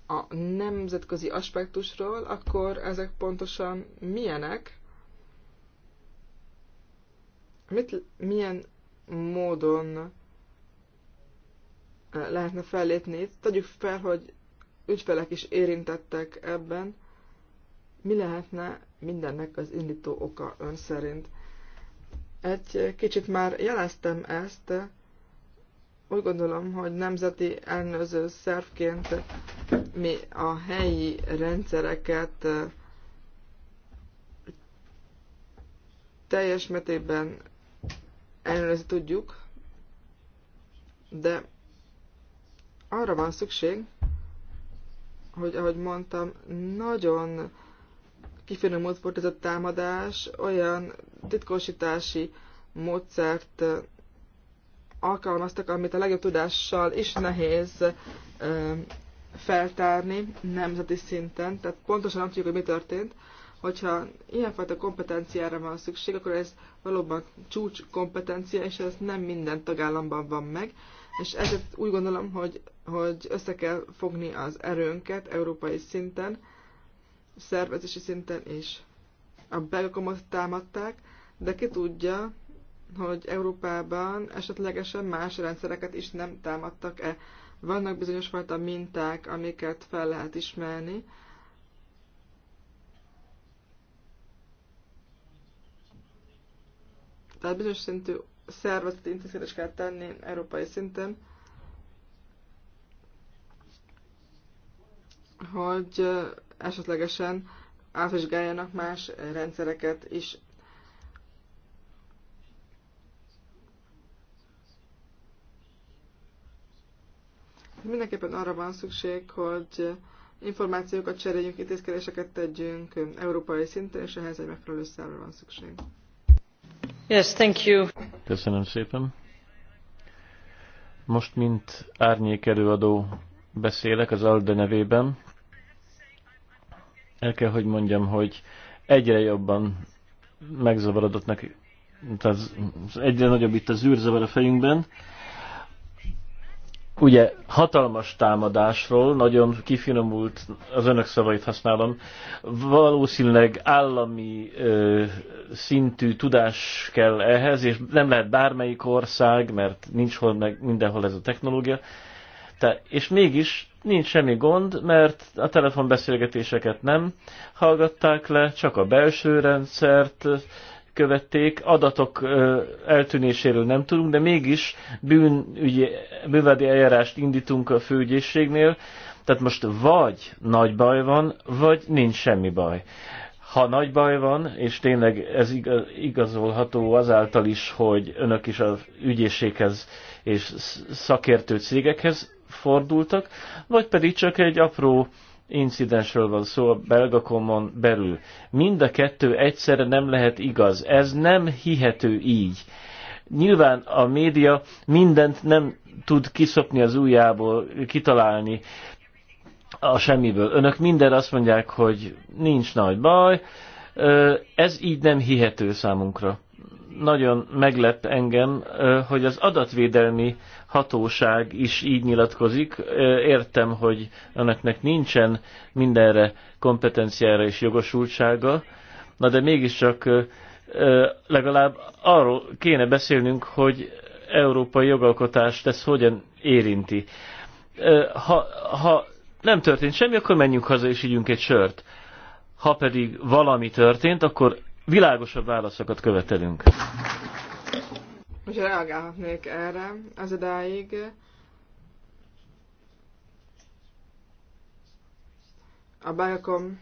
a nemzetközi aspektusról, akkor ezek pontosan milyenek, mit, milyen módon eh, lehetne fellépni. Tegyük fel, hogy ügyfelek is érintettek ebben, mi lehetne mindennek az indító oka ön szerint? Egy kicsit már jeleztem ezt, úgy gondolom, hogy nemzeti elnöző szervként mi a helyi rendszereket eh, teljes metében ellenőrizni tudjuk, de arra van szükség, hogy ahogy mondtam, nagyon kifinomult volt ez a támadás, olyan titkosítási módszert alkalmaztak, amit a legjobb tudással is nehéz feltárni nemzeti szinten, tehát pontosan nem tudjuk, hogy mi történt. Hogyha ilyenfajta kompetenciára van szükség, akkor ez valóban csúcs kompetencia, és ez nem minden tagállamban van meg, és ezért úgy gondolom, hogy, hogy össze kell fogni az erőnket európai szinten, szervezési szinten is. A belgakomot támadták, de ki tudja, hogy Európában esetlegesen más rendszereket is nem támadtak-e. Vannak bizonyos fajta minták, amiket fel lehet ismerni. Tehát bizonyos szintű szervezeti intézkedést kell tenni európai szinten, hogy esetlegesen átvizsgáljanak más rendszereket is. Mindenképpen arra van szükség, hogy információkat cseréljünk, intézkedéseket tegyünk európai szinten, és ehhez egy megfelelő számra van szükség. Yes, thank you. Köszönöm szépen. Most, mint árnyék beszélek az ALDE nevében, el kell, hogy mondjam, hogy egyre jobban neki, tehát egyre nagyobb itt az űrzavar a fejünkben. Ugye hatalmas támadásról, nagyon kifinomult, az önök szavait használom, valószínűleg állami ö, szintű tudás kell ehhez, és nem lehet bármelyik ország, mert nincs hol meg mindenhol ez a technológia. Ö, megtette, és mégis nincs semmi gond, mert a telefonbeszélgetéseket nem hallgatták le, csak a belső rendszert követték, adatok eltűnéséről nem tudunk, de mégis bűnügyi, bűnvádi eljárást indítunk a főügyészségnél, tehát most vagy nagy baj van, vagy nincs semmi baj. Ha nagy baj van, és tényleg ez igazolható azáltal is, hogy önök is az ügyészséghez és szakértő cégekhez fordultak, vagy pedig csak egy apró incidensről van szó a belgakomon belül. Mind a kettő egyszerre nem lehet igaz. Ez nem hihető így. Nyilván a média mindent nem tud kiszopni az újjából, kitalálni a semmiből. Önök minden azt mondják, hogy nincs nagy baj, ez így nem hihető számunkra nagyon meglep engem, hogy az adatvédelmi hatóság is így nyilatkozik. Értem, hogy önöknek nincsen mindenre kompetenciára és jogosultsága, na de mégiscsak legalább arról kéne beszélnünk, hogy európai jogalkotást ez hogyan érinti. Ha, ha nem történt semmi, akkor menjünk haza és ígyünk egy sört. Ha pedig valami történt, akkor világosabb válaszokat követelünk. Most reagálhatnék erre az idáig. A Biocom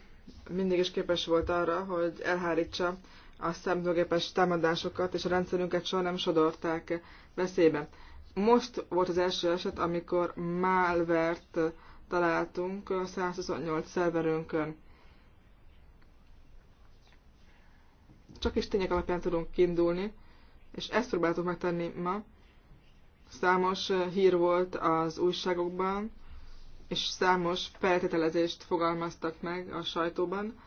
mindig is képes volt arra, hogy elhárítsa a számítógépes támadásokat, és a rendszerünket soha nem sodorták veszélybe. Most volt az első eset, amikor malvert találtunk 128 szerverünkön. csak is tények alapján tudunk kiindulni, és ezt próbáltuk megtenni ma. Számos eh, hír volt az újságokban, és számos feltételezést fogalmaztak meg a sajtóban.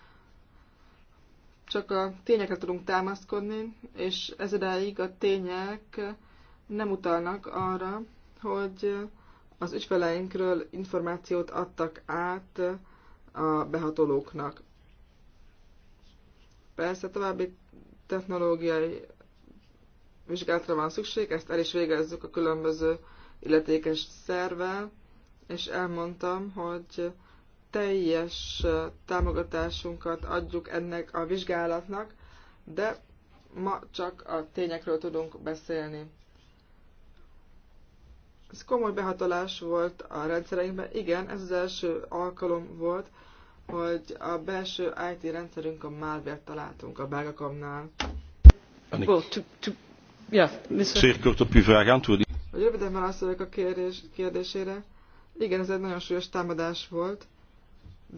Csak a tényekre tudunk támaszkodni, és ez idáig a tények nem utalnak arra, hogy az ügyfeleinkről információt adtak át a behatolóknak. Persze további technológiai vizsgálatra van szükség, ezt el is végezzük a különböző illetékes szervvel, és elmondtam, hogy teljes támogatásunkat adjuk ennek a vizsgálatnak, de ma csak a tényekről tudunk beszélni. Ez komoly behatolás volt a rendszereinkben. Igen, ez az első alkalom volt, hogy a belső IT rendszerünk a malware találtunk a Belgacomnál. Well, to, to, yeah, Zeer Hogy röviden a kérdés, kérdésére. Igen, ez egy nagyon súlyos támadás volt,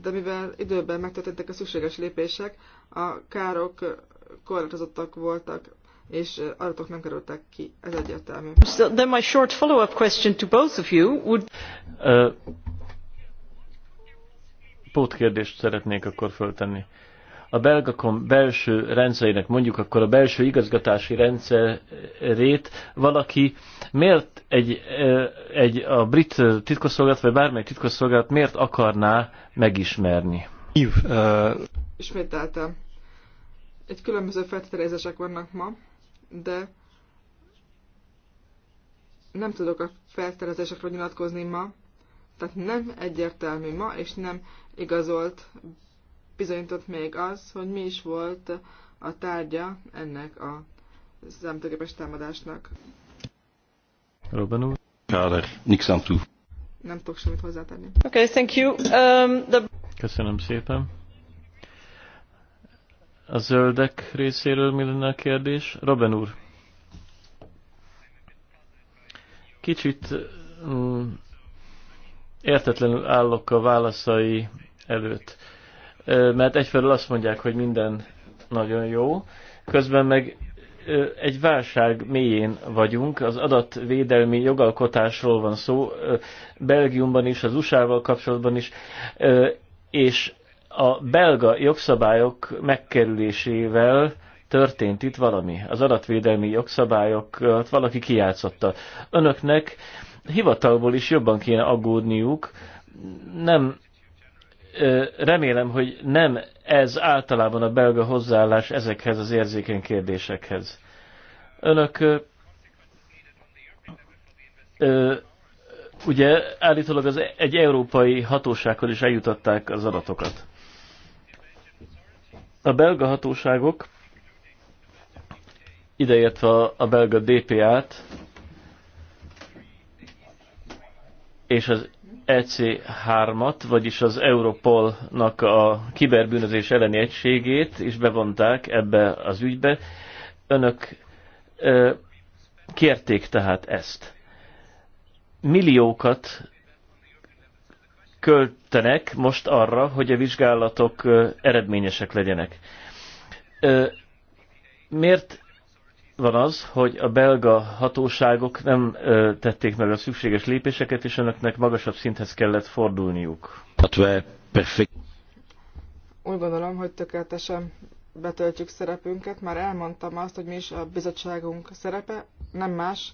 de mivel időben megtörténtek a szükséges lépések, a károk korlátozottak voltak, és adatok nem kerültek ki. Ez egyértelmű. So then my short follow-up question to both of you would... Uh, pótkérdést szeretnék akkor föltenni. A belgakon belső rendszerének, mondjuk akkor a belső igazgatási rendszerét valaki miért egy, egy a brit titkosszolgálat, vagy bármely titkosszolgálat miért akarná megismerni? Ív, uh... Ismételtem. Egy különböző feltételezések vannak ma, de nem tudok a feltételezésekről nyilatkozni ma, tehát nem egyértelmű ma, és nem igazolt, bizonyított még az, hogy mi is volt a tárgya ennek a számítógépes támadásnak. Robben úr? Káder, Nixam túl. Nem tudok semmit hozzátenni. Okay, thank you. Um, the... Köszönöm szépen. A zöldek részéről mi lenne a kérdés? Robben úr. Kicsit mm, értetlenül állok a válaszai előtt. Mert egyfelől azt mondják, hogy minden nagyon jó, közben meg egy válság mélyén vagyunk, az adatvédelmi jogalkotásról van szó, Belgiumban is, az USA-val kapcsolatban is, és a belga jogszabályok megkerülésével történt itt valami. Az adatvédelmi jogszabályokat valaki kijátszotta. Önöknek hivatalból is jobban kéne aggódniuk. Nem, remélem, hogy nem ez általában a belga hozzáállás ezekhez az érzékeny kérdésekhez. Önök ö, ugye állítólag az egy európai hatósághoz is eljutatták az adatokat. A belga hatóságok, ideértve a belga DPA-t, és az EC3-at, vagyis az Europolnak a kiberbűnözés elleni egységét is bevonták ebbe az ügybe. Önök ö, kérték tehát ezt. Milliókat költenek most arra, hogy a vizsgálatok eredményesek legyenek. Miért van az, hogy a belga hatóságok nem ö, tették meg a szükséges lépéseket, és önöknek magasabb szinthez kellett fordulniuk. Úgy gondolom, hogy tökéletesen betöltjük szerepünket. Már elmondtam azt, hogy mi is a bizottságunk szerepe, nem más,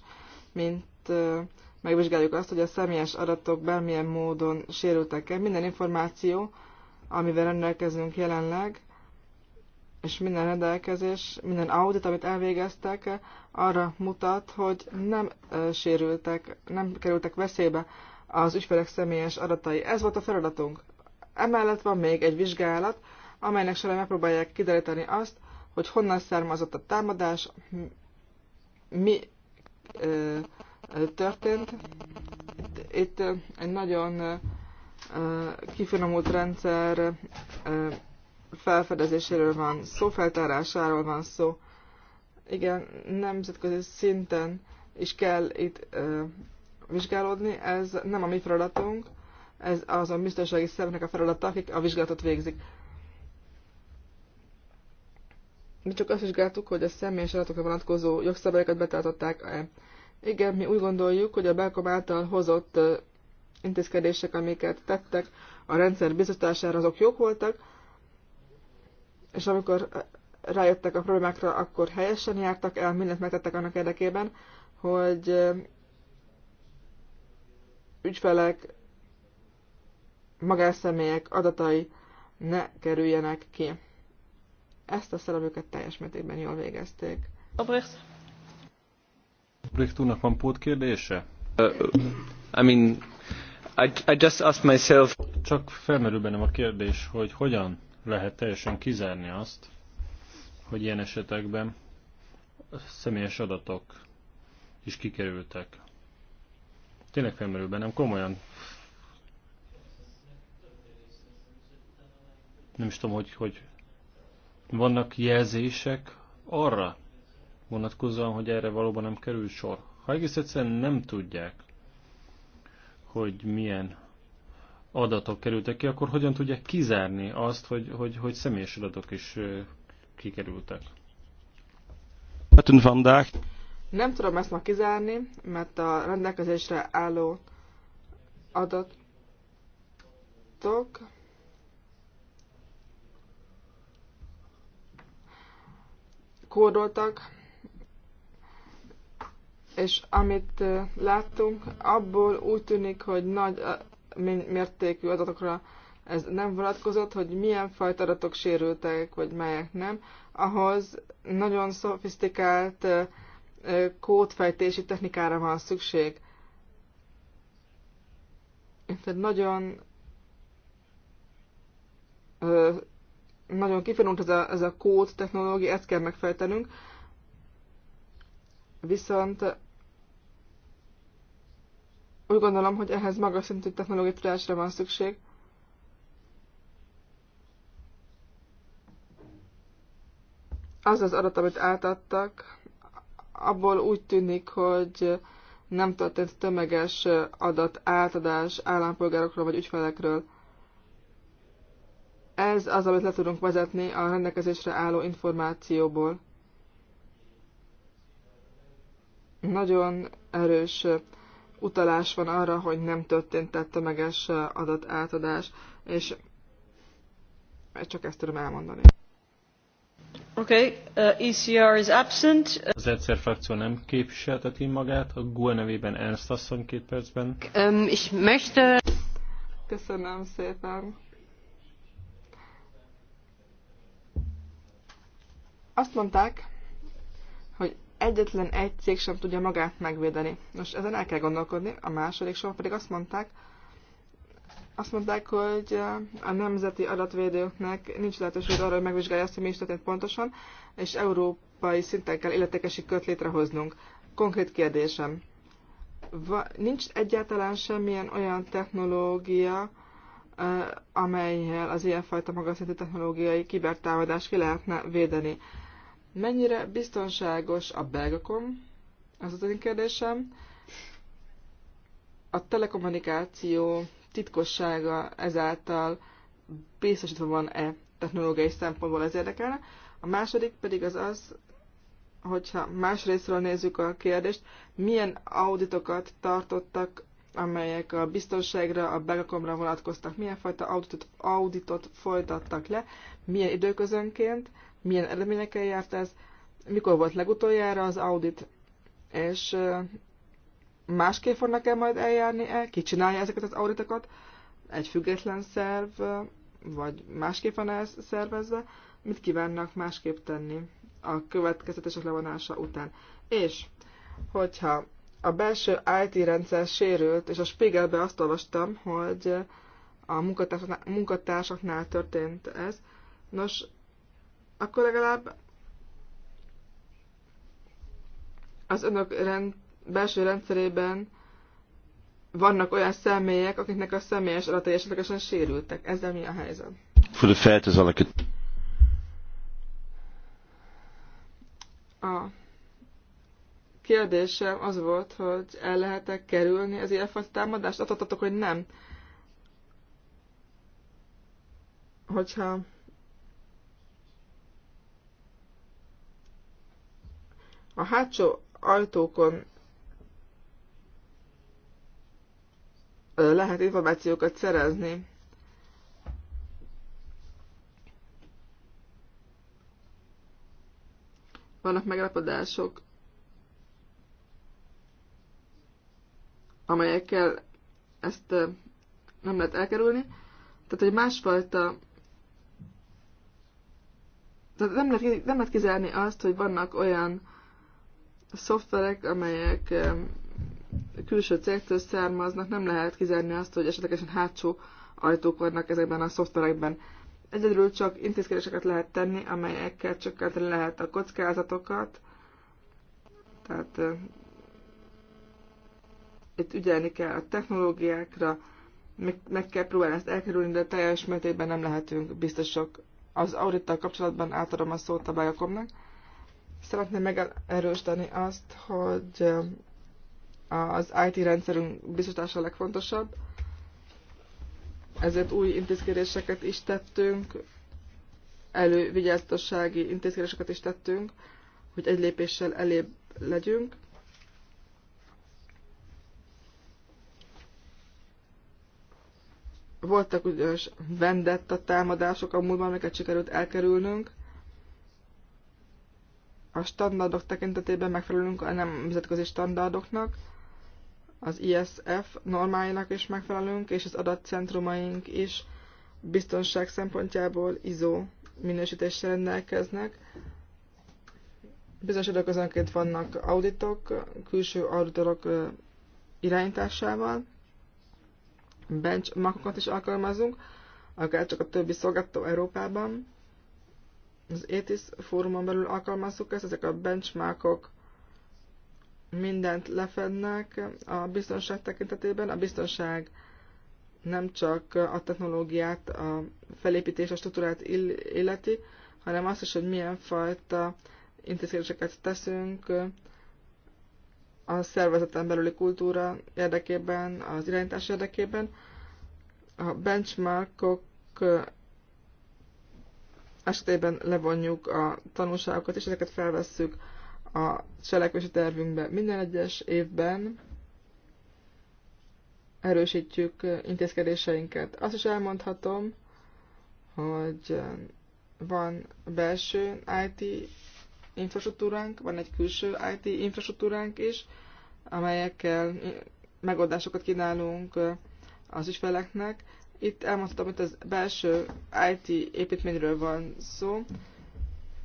mint ö, megvizsgáljuk azt, hogy a személyes adatok bármilyen módon sérültek-e. Minden információ, amivel rendelkezünk jelenleg, és minden rendelkezés, minden audit, amit elvégeztek, arra mutat, hogy nem sérültek, nem kerültek veszélybe az ügyfelek személyes adatai. Ez volt a feladatunk. Emellett van még egy vizsgálat, amelynek során megpróbálják kideríteni azt, hogy honnan származott a támadás, mi ö, történt. Itt, itt egy nagyon ö, kifinomult rendszer ö, felfedezéséről van szó, feltárásáról van szó. Igen, nemzetközi szinten is kell itt ö, vizsgálódni, ez nem a mi feladatunk, ez azon biztonsági szervnek a feladata, akik a vizsgálatot végzik. Mi csak azt vizsgáltuk, hogy a személyes adatokra vonatkozó jogszabályokat betartották-e. Igen, mi úgy gondoljuk, hogy a Belkom által hozott intézkedések, amiket tettek a rendszer biztosítására, azok jók voltak, és amikor rájöttek a problémákra, akkor helyesen jártak el, mindent megtettek annak érdekében, hogy ügyfelek, magánszemélyek adatai ne kerüljenek ki. Ezt a szerepüket teljes mértékben jól végezték. Albrecht. úrnak van pótkérdése? Uh, I mean, I, I just asked myself... Csak felmerül bennem a kérdés, hogy hogyan lehet teljesen kizárni azt, hogy ilyen esetekben személyes adatok is kikerültek. Tényleg felmerül bennem, komolyan nem is tudom, hogy, hogy vannak jelzések arra vonatkozóan, hogy erre valóban nem kerül sor. Ha egész egyszerűen nem tudják, hogy milyen adatok kerültek ki, akkor hogyan tudják kizárni azt, hogy, hogy, hogy személyes adatok is kikerültek? Nem tudom ezt ma kizárni, mert a rendelkezésre álló adatok kódoltak, és amit láttunk, abból úgy tűnik, hogy nagy mértékű adatokra ez nem vonatkozott, hogy milyen fajta adatok sérültek, vagy melyek nem, ahhoz nagyon szofisztikált kódfejtési technikára van szükség. Tehát nagyon nagyon kifinomult ez a, ez a kód technológia, ezt kell megfejtenünk. Viszont úgy gondolom, hogy ehhez magas szintű technológiai tudásra van szükség. Az az adat, amit átadtak, abból úgy tűnik, hogy nem történt tömeges adat átadás állampolgárokról vagy ügyfelekről. Ez az, amit le tudunk vezetni a rendelkezésre álló információból. Nagyon erős utalás van arra, hogy nem történt tehát tömeges adatátadás, és csak ezt tudom elmondani. Okay, uh, ECR is absent. Az egyszer frakció nem képviselteti magát, a GUE nevében Ernst asszony két percben. Um, ich möchte... Köszönöm szépen. Azt mondták, egyetlen egy cég sem tudja magát megvédeni. Most ezen el kell gondolkodni, a második sor pedig azt mondták, azt mondták, hogy eh, a nemzeti adatvédőknek nincs lehetőség arra, hogy megvizsgálja azt, hogy mi is történt pontosan, és európai szinten kell illetékesi köt létrehoznunk. Konkrét kérdésem. Va- nincs egyáltalán semmilyen olyan technológia, eh, amelyel az ilyenfajta magaszintű technológiai kibertámadást ki lehetne védeni. Mennyire biztonságos a belgakom? Az az én kérdésem. A telekommunikáció titkossága ezáltal biztosítva van-e technológiai szempontból ez érdekelne. A második pedig az az, hogyha más részről nézzük a kérdést, milyen auditokat tartottak, amelyek a biztonságra, a belgakomra vonatkoztak, milyen fajta auditot, auditot folytattak le, milyen időközönként, milyen eredményekkel járt ez, mikor volt legutoljára az audit, és másképp fognak el majd eljárni el, ki csinálja ezeket az auditokat, egy független szerv, vagy másképp van ez szervezve, mit kívánnak másképp tenni a következetesek levonása után. És hogyha a belső IT rendszer sérült, és a Spiegelbe azt olvastam, hogy a munkatársaknál történt ez, nos, akkor legalább az önök rend, belső rendszerében vannak olyan személyek, akiknek a személyes adatai esetlegesen sérültek. Ezzel mi a helyzet? For the fair is A kérdésem az volt, hogy el lehet-e kerülni az ilyenfajta támadást? Adhatatok, hogy nem. Hogyha A hátsó ajtókon lehet információkat szerezni. Vannak megrapodások, amelyekkel ezt nem lehet elkerülni. Tehát, hogy másfajta... Tehát nem lehet, nem lehet kizárni azt, hogy vannak olyan szoftverek, amelyek külső cégtől származnak, nem lehet kizárni azt, hogy esetlegesen hátsó ajtók vannak ezekben a szoftverekben. Egyedül csak intézkedéseket lehet tenni, amelyekkel csökkenteni lehet a kockázatokat, tehát itt ügyelni kell a technológiákra, meg, meg kell próbálni ezt elkerülni, de teljes mértékben nem lehetünk biztosok. Az audittal kapcsolatban átadom a szót a bajokomnak. Szeretném megerősíteni azt, hogy az IT rendszerünk biztosítása a legfontosabb, ezért új intézkedéseket is tettünk, elővigyázatossági intézkedéseket is tettünk, hogy egy lépéssel elébb legyünk. Voltak ugyanis a támadások a múltban, amiket sikerült elkerülnünk a standardok tekintetében megfelelünk a nemzetközi standardoknak, az ISF normáinak is megfelelünk, és az adatcentrumaink is biztonság szempontjából ISO minősítéssel rendelkeznek. Bizonyos időközönként vannak auditok, külső auditorok irányításával, benchmarkokat is alkalmazunk, akár csak a többi szolgáltató Európában az ETIS fórumon belül alkalmazzuk ezt, ezek a benchmarkok mindent lefednek a biztonság tekintetében. A biztonság nem csak a technológiát, a felépítés, a struktúrát illeti, hanem azt is, hogy milyen fajta intézkedéseket teszünk a szervezeten belüli kultúra érdekében, az irányítás érdekében. A benchmarkok esetében levonjuk a tanulságokat, és ezeket felvesszük a cselekvési tervünkbe minden egyes évben. Erősítjük intézkedéseinket. Azt is elmondhatom, hogy van belső IT infrastruktúránk, van egy külső IT infrastruktúránk is, amelyekkel megoldásokat kínálunk az ügyfeleknek, itt elmondhatom, hogy az belső IT építményről van szó,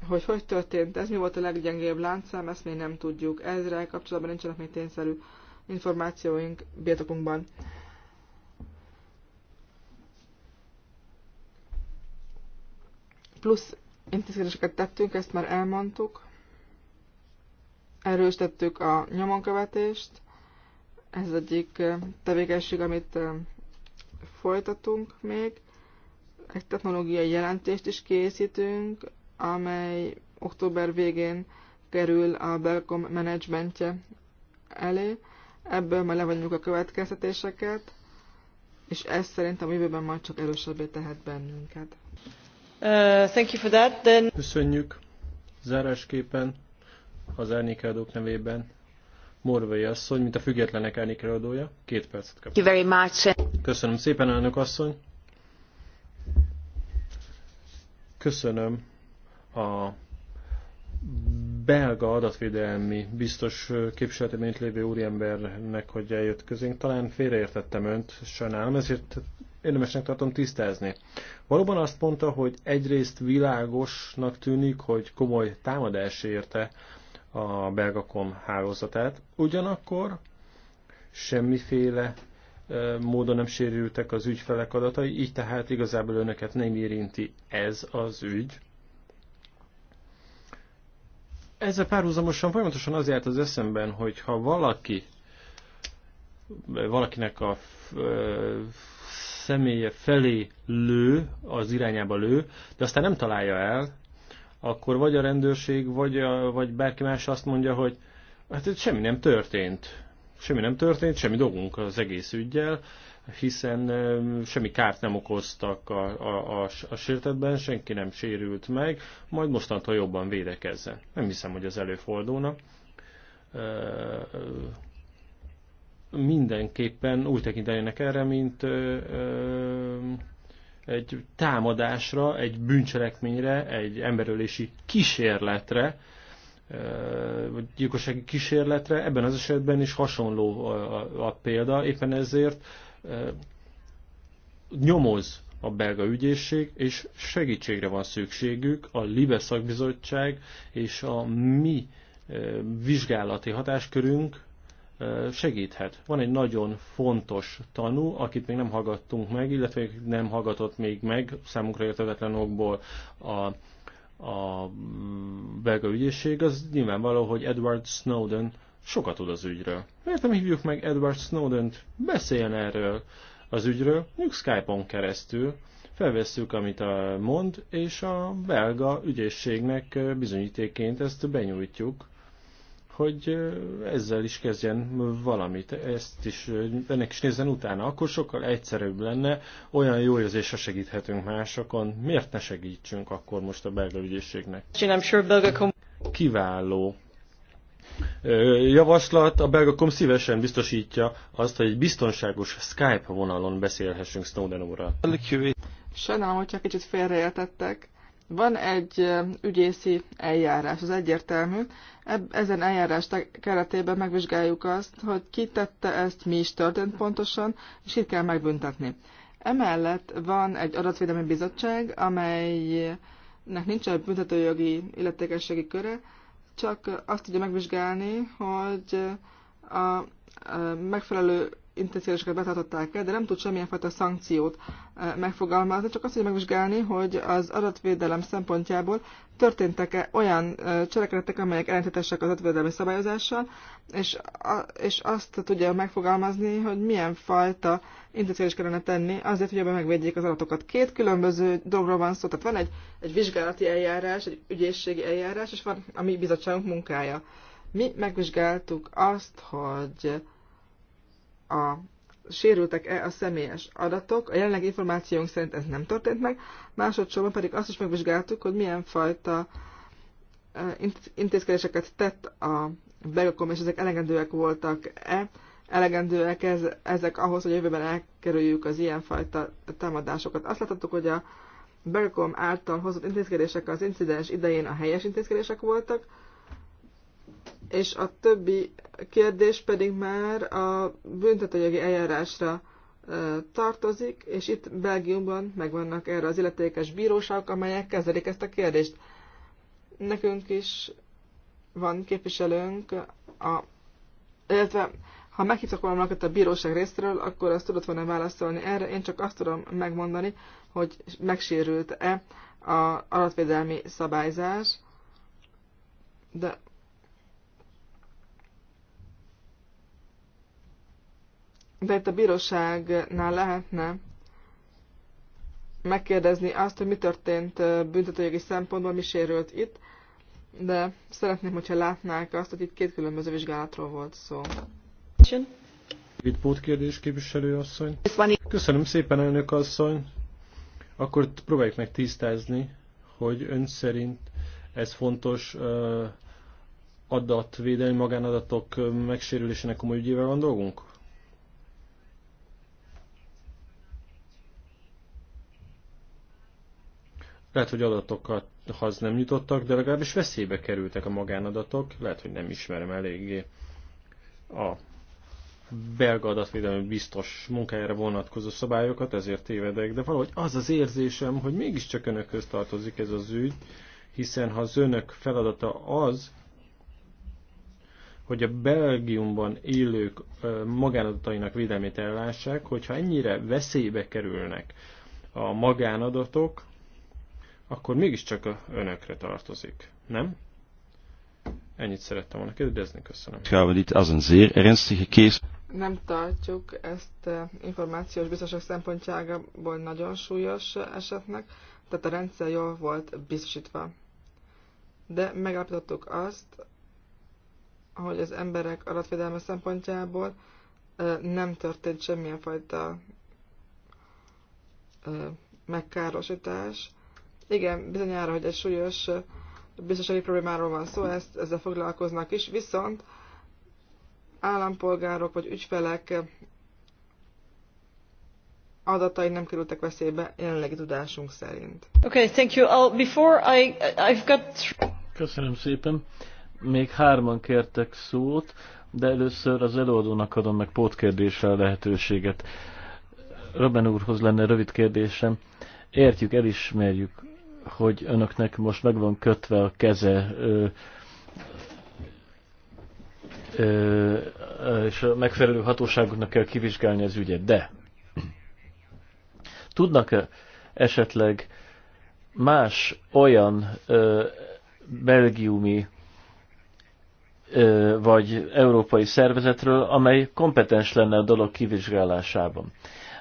hogy hogy történt ez, mi volt a leggyengébb láncszám, ezt még nem tudjuk. Ezre kapcsolatban nincsenek még tényszerű információink birtokunkban. Plusz intézkedéseket tettünk, ezt már elmondtuk. Erősítettük a nyomonkövetést. Ez egyik tevékenység, amit folytatunk még. Egy technológiai jelentést is készítünk, amely október végén kerül a Belkom menedzsmentje elé. Ebből majd levonjuk a következtetéseket, és ez szerintem a jövőben majd csak erősebbé tehet bennünket. Uh, thank you for that. Then... Köszönjük. Zárásképpen az árnyékádók nevében Morvai asszony, mint a függetlenek elnék előadója. Két percet kap. Thank very much. Köszönöm szépen, elnök asszony. Köszönöm a belga adatvédelmi biztos képviseletében itt lévő úriembernek, hogy eljött közénk. Talán félreértettem önt, sajnálom, ezért érdemesnek tartom tisztázni. Valóban azt mondta, hogy egyrészt világosnak tűnik, hogy komoly támadás érte a Belgakom hálózatát. Ugyanakkor semmiféle módon nem sérültek az ügyfelek adatai, így tehát igazából önöket nem érinti ez az ügy. Ezzel párhuzamosan folyamatosan az járt az eszemben, hogy ha valaki valakinek a személye felé lő, az irányába lő, de aztán nem találja el, akkor vagy a rendőrség, vagy, a, vagy bárki más azt mondja, hogy hát itt semmi nem történt. Semmi nem történt, semmi dolgunk az egész ügyjel, hiszen semmi kárt nem okoztak a, a, a, a sértetben, senki nem sérült meg, majd mostantól jobban védekezzen. Nem hiszem, hogy az előfordulna. Mindenképpen úgy tekintenek erre, mint egy támadásra, egy bűncselekményre, egy emberölési kísérletre, vagy gyilkossági kísérletre, ebben az esetben is hasonló a, példa, éppen ezért nyomoz a belga ügyészség, és segítségre van szükségük a Libeszakbizottság és a mi vizsgálati hatáskörünk segíthet. Van egy nagyon fontos tanú, akit még nem hallgattunk meg, illetve nem hallgatott még meg számunkra értetetlen okból a, a belga ügyészség, az nyilvánvaló, hogy Edward Snowden sokat tud az ügyről. Miért nem hívjuk meg Edward Snowden-t? Beszéljen erről az ügyről, mondjuk Skype-on keresztül, felvesszük, amit a mond, és a belga ügyészségnek bizonyítéként ezt benyújtjuk hogy ezzel is kezdjen valamit, ezt is, ennek is nézzen utána, akkor sokkal egyszerűbb lenne, olyan jó ha segíthetünk másokon, miért ne segítsünk akkor most a belga ügyészségnek? Kiváló javaslat, a kom szívesen biztosítja azt, hogy egy biztonságos Skype vonalon beszélhessünk Snowden úrral. Sajnálom, hogyha kicsit félreértettek. Van egy ügyészi eljárás, az egyértelmű. Ezen eljárás keretében megvizsgáljuk azt, hogy ki tette ezt, mi is történt pontosan, és itt kell megbüntetni. Emellett van egy adatvédelmi bizottság, amelynek nincs egy büntetőjogi illetékességi köre, csak azt tudja megvizsgálni, hogy a megfelelő intézkedéseket betartották el, de nem tud semmilyen fajta szankciót megfogalmazni, csak azt, hogy megvizsgálni, hogy az adatvédelem szempontjából történtek-e olyan cselekedetek, amelyek ellentétesek az adatvédelmi szabályozással, és, a, és azt tudja megfogalmazni, hogy milyen fajta intézkedést kellene tenni azért, hogy ebben megvédjék az adatokat. Két különböző dologról van szó, tehát van egy, egy vizsgálati eljárás, egy ügyészségi eljárás, és van a mi bizottságunk munkája. Mi megvizsgáltuk azt, hogy a sérültek-e a személyes adatok. A jelenleg információnk szerint ez nem történt meg. Másodszorban pedig azt is megvizsgáltuk, hogy milyen fajta intézkedéseket tett a Belgakom, és ezek elegendőek voltak-e, elegendőek ez, ezek ahhoz, hogy jövőben elkerüljük az ilyenfajta támadásokat. Azt láthattuk, hogy a Belgakom által hozott intézkedések az incidens idején a helyes intézkedések voltak, és a többi kérdés pedig már a büntetőjogi eljárásra tartozik, és itt Belgiumban megvannak erre az illetékes bíróságok, amelyek kezelik ezt a kérdést. Nekünk is van képviselőnk, a, illetve ha meghívtak valamit a bíróság részéről, akkor azt tudott volna válaszolni erre. Én csak azt tudom megmondani, hogy megsérült-e a alatvédelmi szabályzás, de de itt a bíróságnál lehetne megkérdezni azt, hogy mi történt büntetőjogi szempontból, mi sérült itt, de szeretném, hogyha látnák azt, hogy itt két különböző vizsgálatról volt szó. Itt kérdés, képviselő asszony. Köszönöm szépen, elnök asszony. Akkor próbáljuk meg tisztázni, hogy ön szerint ez fontos adatvédelmi magánadatok megsérülésének komoly ügyével van dolgunk? Lehet, hogy adatokat haz nem jutottak, de legalábbis veszélybe kerültek a magánadatok, lehet, hogy nem ismerem eléggé a belga adatvédelmi biztos munkájára vonatkozó szabályokat, ezért tévedek, de valahogy az az érzésem, hogy mégiscsak önökhöz tartozik ez az ügy, hiszen ha az önök feladata az, hogy a Belgiumban élők magánadatainak védelmét ellássák, hogyha ennyire veszélybe kerülnek a magánadatok, akkor mégiscsak a önökre tartozik, nem? Ennyit szerettem volna kérdezni, köszönöm. Nem tartjuk ezt eh, információs biztosak szempontjából nagyon súlyos esetnek, tehát a rendszer jól volt biztosítva. De megállapítottuk azt, hogy az emberek adatvédelme szempontjából eh, nem történt semmilyen fajta eh, megkárosítás, igen, bizonyára, hogy egy súlyos biztonsági problémáról van szó, ezt, ezzel foglalkoznak is, viszont állampolgárok vagy ügyfelek adatai nem kerültek veszélybe jelenlegi tudásunk szerint. Okay, thank you. I'll, before I, I've got... Köszönöm szépen. Még hárman kértek szót, de először az előadónak adom meg pótkérdéssel a lehetőséget. Robben úrhoz lenne rövid kérdésem. Értjük, elismerjük, hogy önöknek most meg van kötve a keze, ö, ö, és a megfelelő hatóságoknak kell kivizsgálni az ügyet. De tudnak-e esetleg más olyan ö, belgiumi ö, vagy európai szervezetről, amely kompetens lenne a dolog kivizsgálásában?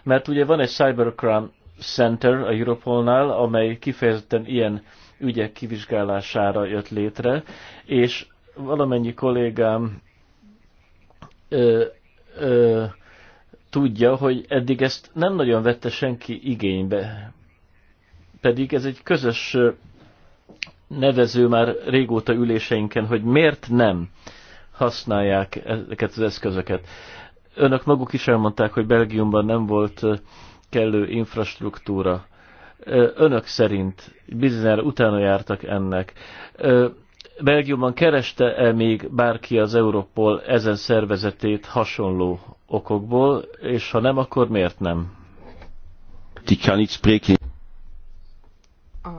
Mert ugye van egy cybercrime Center a Europolnál, amely kifejezetten ilyen ügyek kivizsgálására jött létre, és valamennyi kollégám ö, ö, tudja, hogy eddig ezt nem nagyon vette senki igénybe. Pedig ez egy közös nevező már régóta üléseinken, hogy miért nem használják ezeket az eszközöket. Önök maguk is elmondták, hogy Belgiumban nem volt kellő infrastruktúra. Önök szerint bizonyára utána jártak ennek. Belgiumban kereste-e még bárki az Európol ezen szervezetét hasonló okokból, és ha nem, akkor miért nem? A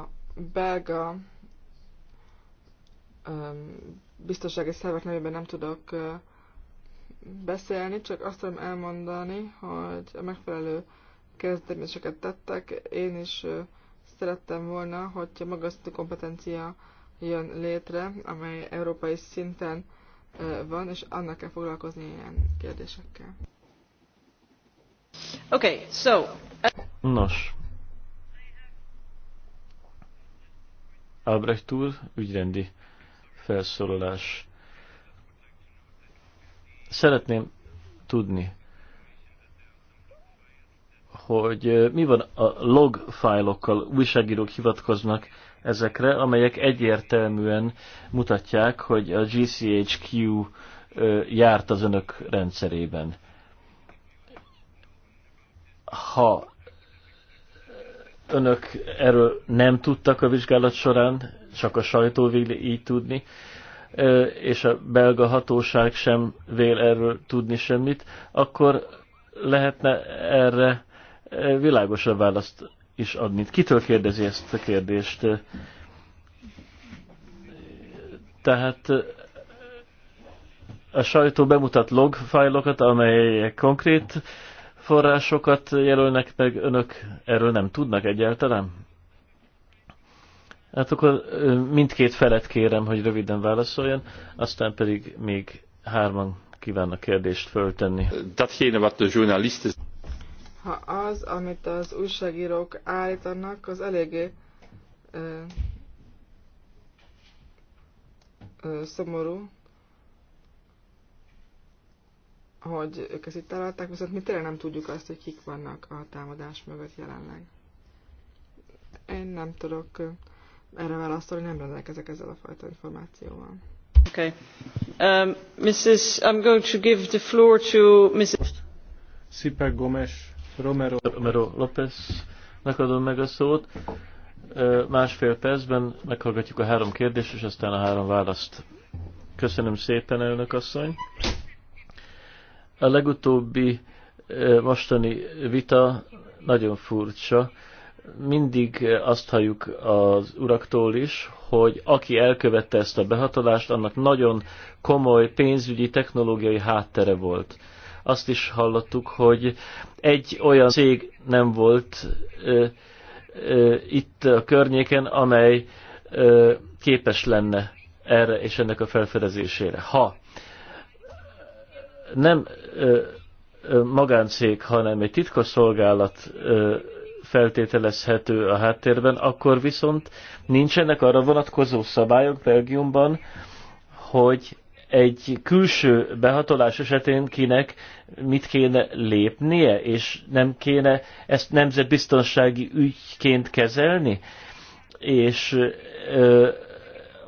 belga biztonsági szervek nevében nem tudok beszélni, csak azt tudom elmondani, hogy a megfelelő kezdeményezéseket tettek. Én is szerettem volna, hogyha magasztó kompetencia jön létre, amely európai szinten van, és annak kell foglalkozni ilyen kérdésekkel. Okay, so... Nos. Albrecht úr, ügyrendi felszólalás. Szeretném tudni, hogy mi van a log fájlokkal, újságírók hivatkoznak ezekre, amelyek egyértelműen mutatják, hogy a GCHQ járt az önök rendszerében. Ha önök erről nem tudtak a vizsgálat során, csak a sajtó így tudni, és a belga hatóság sem vél erről tudni semmit, akkor lehetne erre világosabb választ is adni. Kitől kérdezi ezt a kérdést? Tehát a sajtó bemutat logfájlokat, amelyek konkrét forrásokat jelölnek meg, önök erről nem tudnak egyáltalán? Hát akkor mindkét felet kérem, hogy röviden válaszoljon, aztán pedig még hárman kívánnak kérdést föltenni. Datgene, wat de journalisten ha az, amit az újságírók állítanak, az eléggé ö, ö, szomorú, hogy ők ezt itt találták, viszont mi tényleg nem tudjuk azt, hogy kik vannak a támadás mögött jelenleg. Én nem tudok erre válaszolni, nem rendelkezek ezzel a fajta információval. Okay. Um, Mrs. I'm going to give the floor to Mrs. Sipek Gomes Romero, Romero Lópeznek adom meg a szót. Másfél percben meghallgatjuk a három kérdést, és aztán a három választ. Köszönöm szépen, elnök asszony. A legutóbbi mostani vita nagyon furcsa. Mindig azt halljuk az uraktól is, hogy aki elkövette ezt a behatolást, annak nagyon komoly pénzügyi, technológiai háttere volt azt is hallottuk, hogy egy olyan cég nem volt ö, ö, itt a környéken, amely ö, képes lenne erre és ennek a felfedezésére. Ha nem ö, ö, magáncég, hanem egy titkos szolgálat ö, feltételezhető a háttérben, akkor viszont nincsenek arra vonatkozó szabályok Belgiumban, hogy egy külső behatolás esetén kinek mit kéne lépnie, és nem kéne ezt nemzetbiztonsági ügyként kezelni, és ö,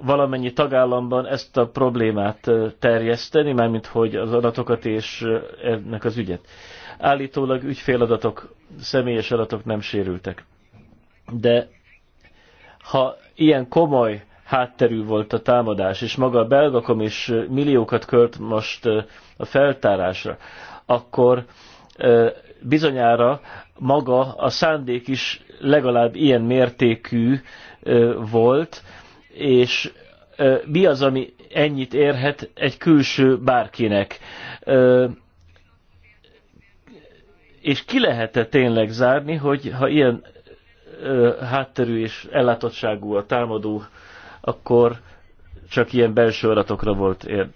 valamennyi tagállamban ezt a problémát terjeszteni, mármint hogy az adatokat és ennek az ügyet. Állítólag ügyféladatok, személyes adatok nem sérültek. De ha ilyen komoly hátterű volt a támadás, és maga a belgakom is milliókat költ most a feltárásra, akkor bizonyára maga a szándék is legalább ilyen mértékű volt, és mi az, ami ennyit érhet egy külső bárkinek? És ki lehet-e tényleg zárni, hogy ha ilyen hátterű és ellátottságú a támadó akkor csak ilyen belső adatokra volt ér,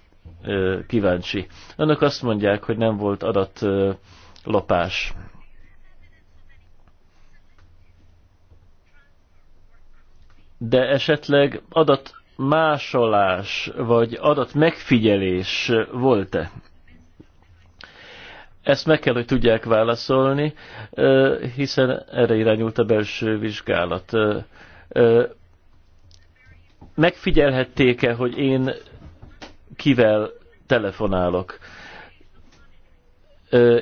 ö, kíváncsi. Önök azt mondják, hogy nem volt adat lopás. De esetleg adat másolás vagy adat megfigyelés volt-e? Ezt meg kell, hogy tudják válaszolni, hiszen erre irányult a belső vizsgálat megfigyelhették-e, hogy én kivel telefonálok?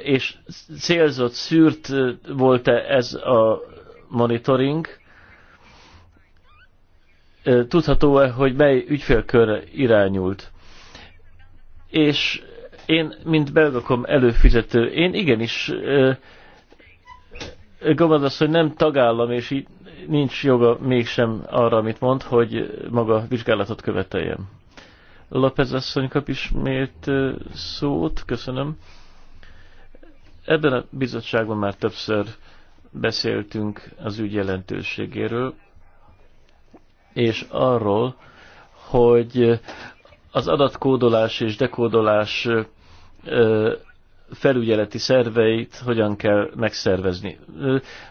És célzott, szűrt volt-e ez a monitoring? Tudható-e, hogy mely ügyfélkörre irányult? És én, mint belgakom előfizető, én igenis gondolom azt, hogy nem tagállam, és így nincs joga mégsem arra, amit mond, hogy maga vizsgálatot követeljen. López asszony kap ismét szót, köszönöm. Ebben a bizottságban már többször beszéltünk az ügy jelentőségéről, és arról, hogy az adatkódolás és dekódolás felügyeleti szerveit hogyan kell megszervezni.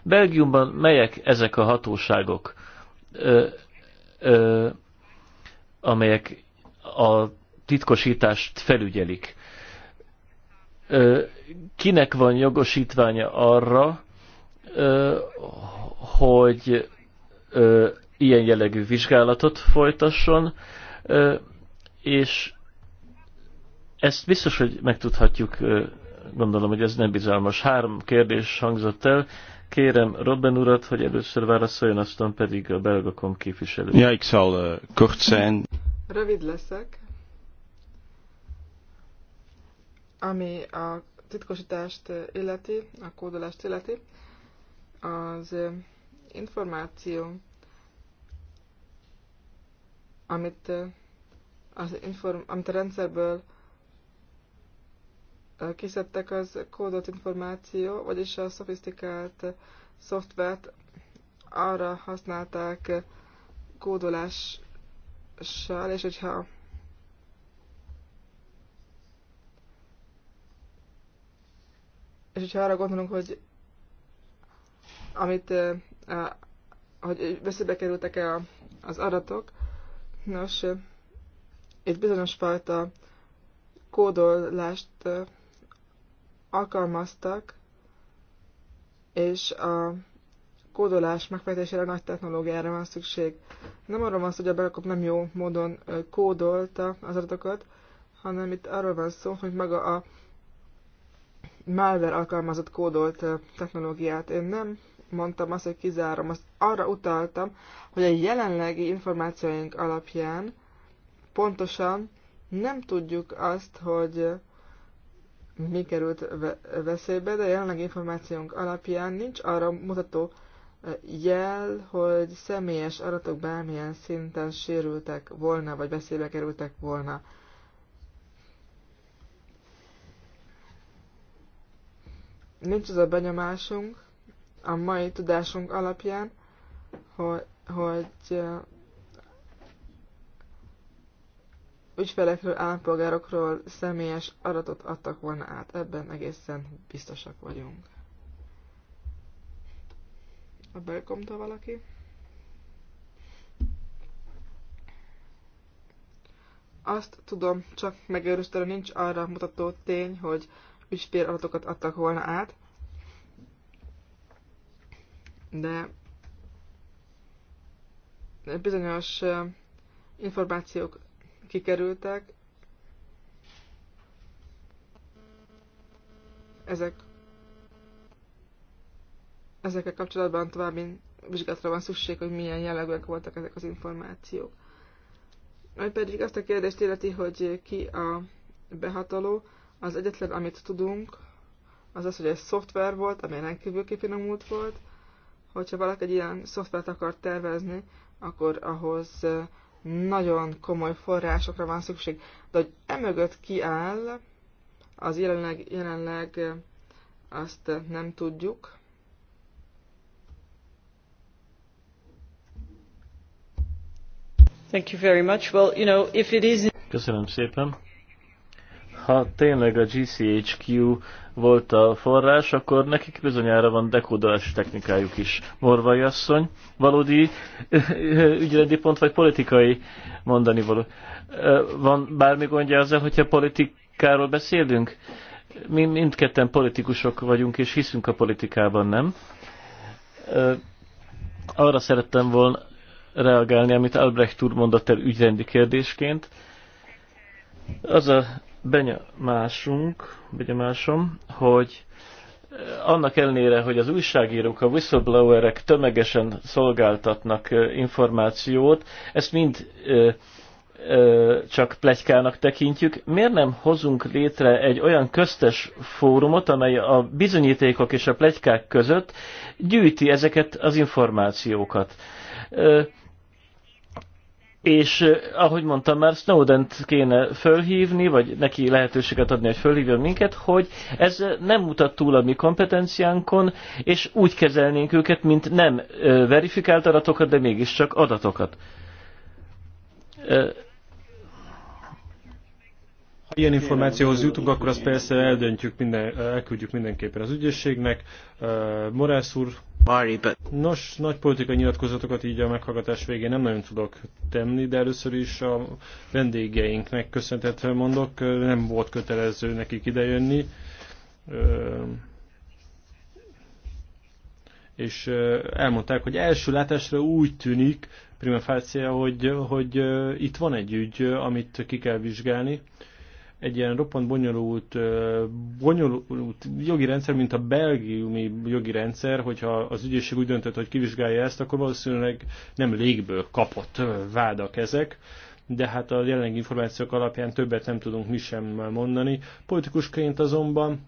Belgiumban melyek ezek a hatóságok, amelyek a titkosítást felügyelik? Kinek van jogosítványa arra, hogy ilyen jellegű vizsgálatot folytasson, és ezt biztos, hogy megtudhatjuk gondolom, hogy ez nem bizalmas. Három kérdés hangzott el. Kérem Robben urat, hogy először válaszoljon, aztán pedig a belga kom képviselő. Ja, ik zal uh, kort zijn. Rövid leszek. Ami a titkosítást eh, illeti, a kódolást illeti, az eh, információ, amit, az inform, amit a rendszerből készítettek az kódolt információ, vagyis a szofisztikált szoftvert arra használták kódolással, és hogyha és hogyha arra gondolunk, hogy amit eh, eh, hogy veszélybe kerültek el az adatok, nos, eh, itt bizonyos fajta kódolást alkalmaztak, és a kódolás megfejtésére nagy technológiára van szükség. Nem arról van szó, hogy a Belkop nem jó módon kódolta az adatokat, hanem itt arról van szó, hogy maga a malware alkalmazott kódolt technológiát. Én nem mondtam azt, hogy kizárom, azt arra utaltam, hogy a jelenlegi információink alapján pontosan nem tudjuk azt, hogy mi került veszélybe, de jelenleg információnk alapján nincs arra mutató eh, jel, hogy személyes adatok bármilyen szinten sérültek volna, vagy veszélybe kerültek volna. Nincs az a benyomásunk, a mai tudásunk alapján, hogy, hogy eh, ügyfelekről, állampolgárokról személyes adatot adtak volna át. Ebben egészen biztosak vagyunk. A belkomta valaki? Azt tudom csak megerősíteni, nincs arra mutató tény, hogy ügyfél adatokat adtak volna át, de bizonyos információk kikerültek. Ezek ezekkel kapcsolatban további vizsgálatra van szükség, hogy milyen jellegűek voltak ezek az információk. Majd pedig azt a kérdést illeti, hogy ki a behatoló, az egyetlen, amit tudunk, az az, hogy egy szoftver volt, ami rendkívül kifinomult volt. Hogyha valaki egy ilyen szoftvert akar tervezni, akkor ahhoz nagyon komoly forrásokra van szükség. De hogy emögött ki áll, az jelenleg, jelenleg azt nem tudjuk. Thank you very much. Well, you know, if it is... Köszönöm szépen ha tényleg a GCHQ volt a forrás, akkor nekik bizonyára van dekódolási technikájuk is. Morvai asszony, valódi ügyrendi pont, vagy politikai mondani való. Van bármi gondja ezzel, hogyha politikáról beszélünk? Mi mindketten politikusok vagyunk, és hiszünk a politikában, nem? Arra szerettem volna reagálni, amit Albrecht úr mondott el ügyrendi kérdésként. Az a benyomásunk, benyomásom, hogy eh, annak ellenére, hogy az újságírók, a whistleblowerek tömegesen szolgáltatnak eh, információt, ezt mind ö, eh, ö, csak plegykának tekintjük. Miért nem hozunk létre egy olyan köztes fórumot, amely a bizonyítékok és a plegykák között gyűjti ezeket az információkat? Ö, és ahogy mondtam már, Snowden-t kéne fölhívni, vagy neki lehetőséget adni, hogy fölhívjon minket, hogy ez nem mutat túl a mi kompetenciánkon, és úgy kezelnénk őket, mint nem verifikált adatokat, de mégiscsak adatokat. Ha ilyen információhoz jutunk, akkor azt persze eldöntjük, minden, elküldjük mindenképpen az ügyészségnek. Morász úr Nos, nagy politikai nyilatkozatokat így a meghallgatás végén nem nagyon tudok tenni, de először is a vendégeinknek köszöntetve mondok, nem volt kötelező nekik idejönni. És elmondták, hogy első látásra úgy tűnik, prima facie, hogy, hogy itt van egy ügy, amit ki kell vizsgálni egy ilyen roppant bonyolult, bonyolult jogi rendszer, mint a belgiumi jogi rendszer, hogyha az ügyészség úgy döntött, hogy kivizsgálja ezt, akkor valószínűleg nem légből kapott vádak ezek, de hát a jelenlegi információk alapján többet nem tudunk mi sem mondani. Politikusként azonban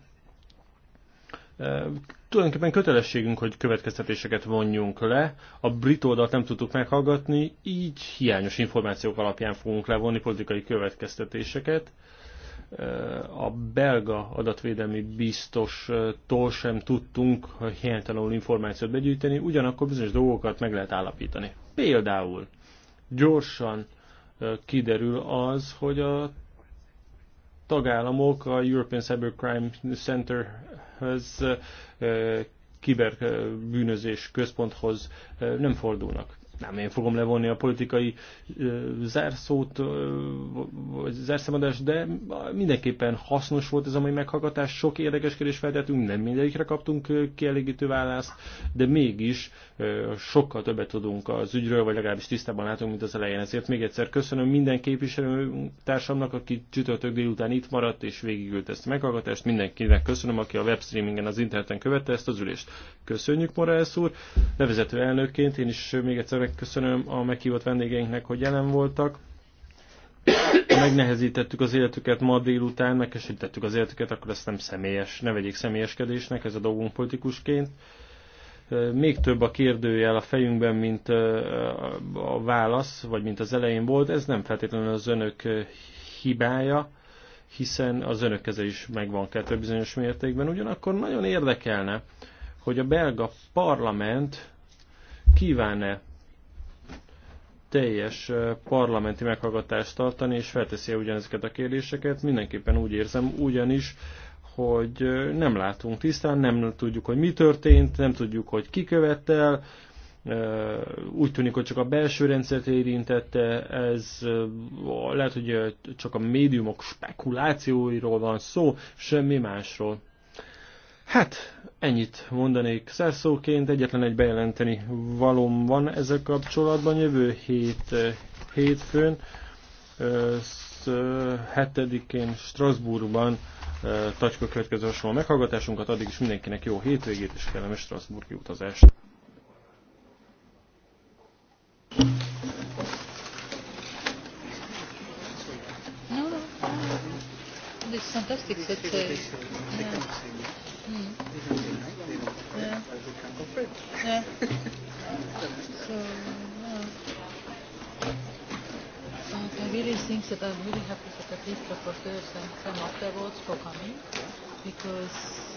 tulajdonképpen kötelességünk, hogy következtetéseket vonjunk le. A brit oldalt nem tudtuk meghallgatni, így hiányos információk alapján fogunk levonni politikai következtetéseket a belga adatvédelmi biztostól sem tudtunk hiánytalanul információt begyűjteni, ugyanakkor bizonyos dolgokat meg lehet állapítani. Például gyorsan kiderül az, hogy a tagállamok a European Cybercrime Centerhez kiberbűnözés központhoz nem fordulnak nem én fogom levonni a politikai zárszót, vagy zárszámadást, de mindenképpen hasznos volt ez a mai meghallgatás, sok érdekes kérdés feltettünk, nem mindegyikre kaptunk kielégítő választ, de mégis sokkal többet tudunk az ügyről, vagy legalábbis tisztában látunk, mint az elején. Ezért még egyszer köszönöm minden képviselőtársamnak, aki csütörtök délután itt maradt, és végigült ezt a meghallgatást. Mindenkinek köszönöm, aki a webstreamingen, az interneten követte ezt az ülést. Köszönjük, Morales úr! Levezető elnökként én is még egyszer meg megköszönöm a meghívott vendégeinknek, hogy jelen voltak. Megnehezítettük az életüket ma délután, megkesítettük az életüket, akkor ezt nem személyes, ne vegyék személyeskedésnek, ez a dolgunk politikusként. Még több a kérdőjel a fejünkben, mint a válasz, vagy mint az elején volt, ez nem feltétlenül az önök hibája, hiszen az önök keze is megvan kettő bizonyos mértékben. Ugyanakkor nagyon érdekelne, hogy a belga parlament kíván-e teljes parlamenti meghallgatást tartani, és felteszi -e ugyanezeket a kérdéseket. Mindenképpen úgy érzem, ugyanis, hogy nem látunk tisztán, nem tudjuk, hogy mi történt, nem tudjuk, hogy ki követel. el, úgy tűnik, hogy csak a belső rendszert érintette, ez lehet, hogy csak a médiumok spekulációiról van szó, semmi másról. Hát, Ennyit mondanék szerszóként, egyetlen egy bejelenteni valom van ezzel kapcsolatban. Jövő hét eh, hétfőn, 7-én eh, eh, Strasbourgban tacska következő hasonló meghallgatásunkat, addig is mindenkinek jó hétvégét és kellemes Strasbourgi utazást. It's fantastic. It's, uh, yeah. mm. Yeah. so, yeah. Uh, uh, I really think that I'm really happy that at for the professors and some afterwards for coming because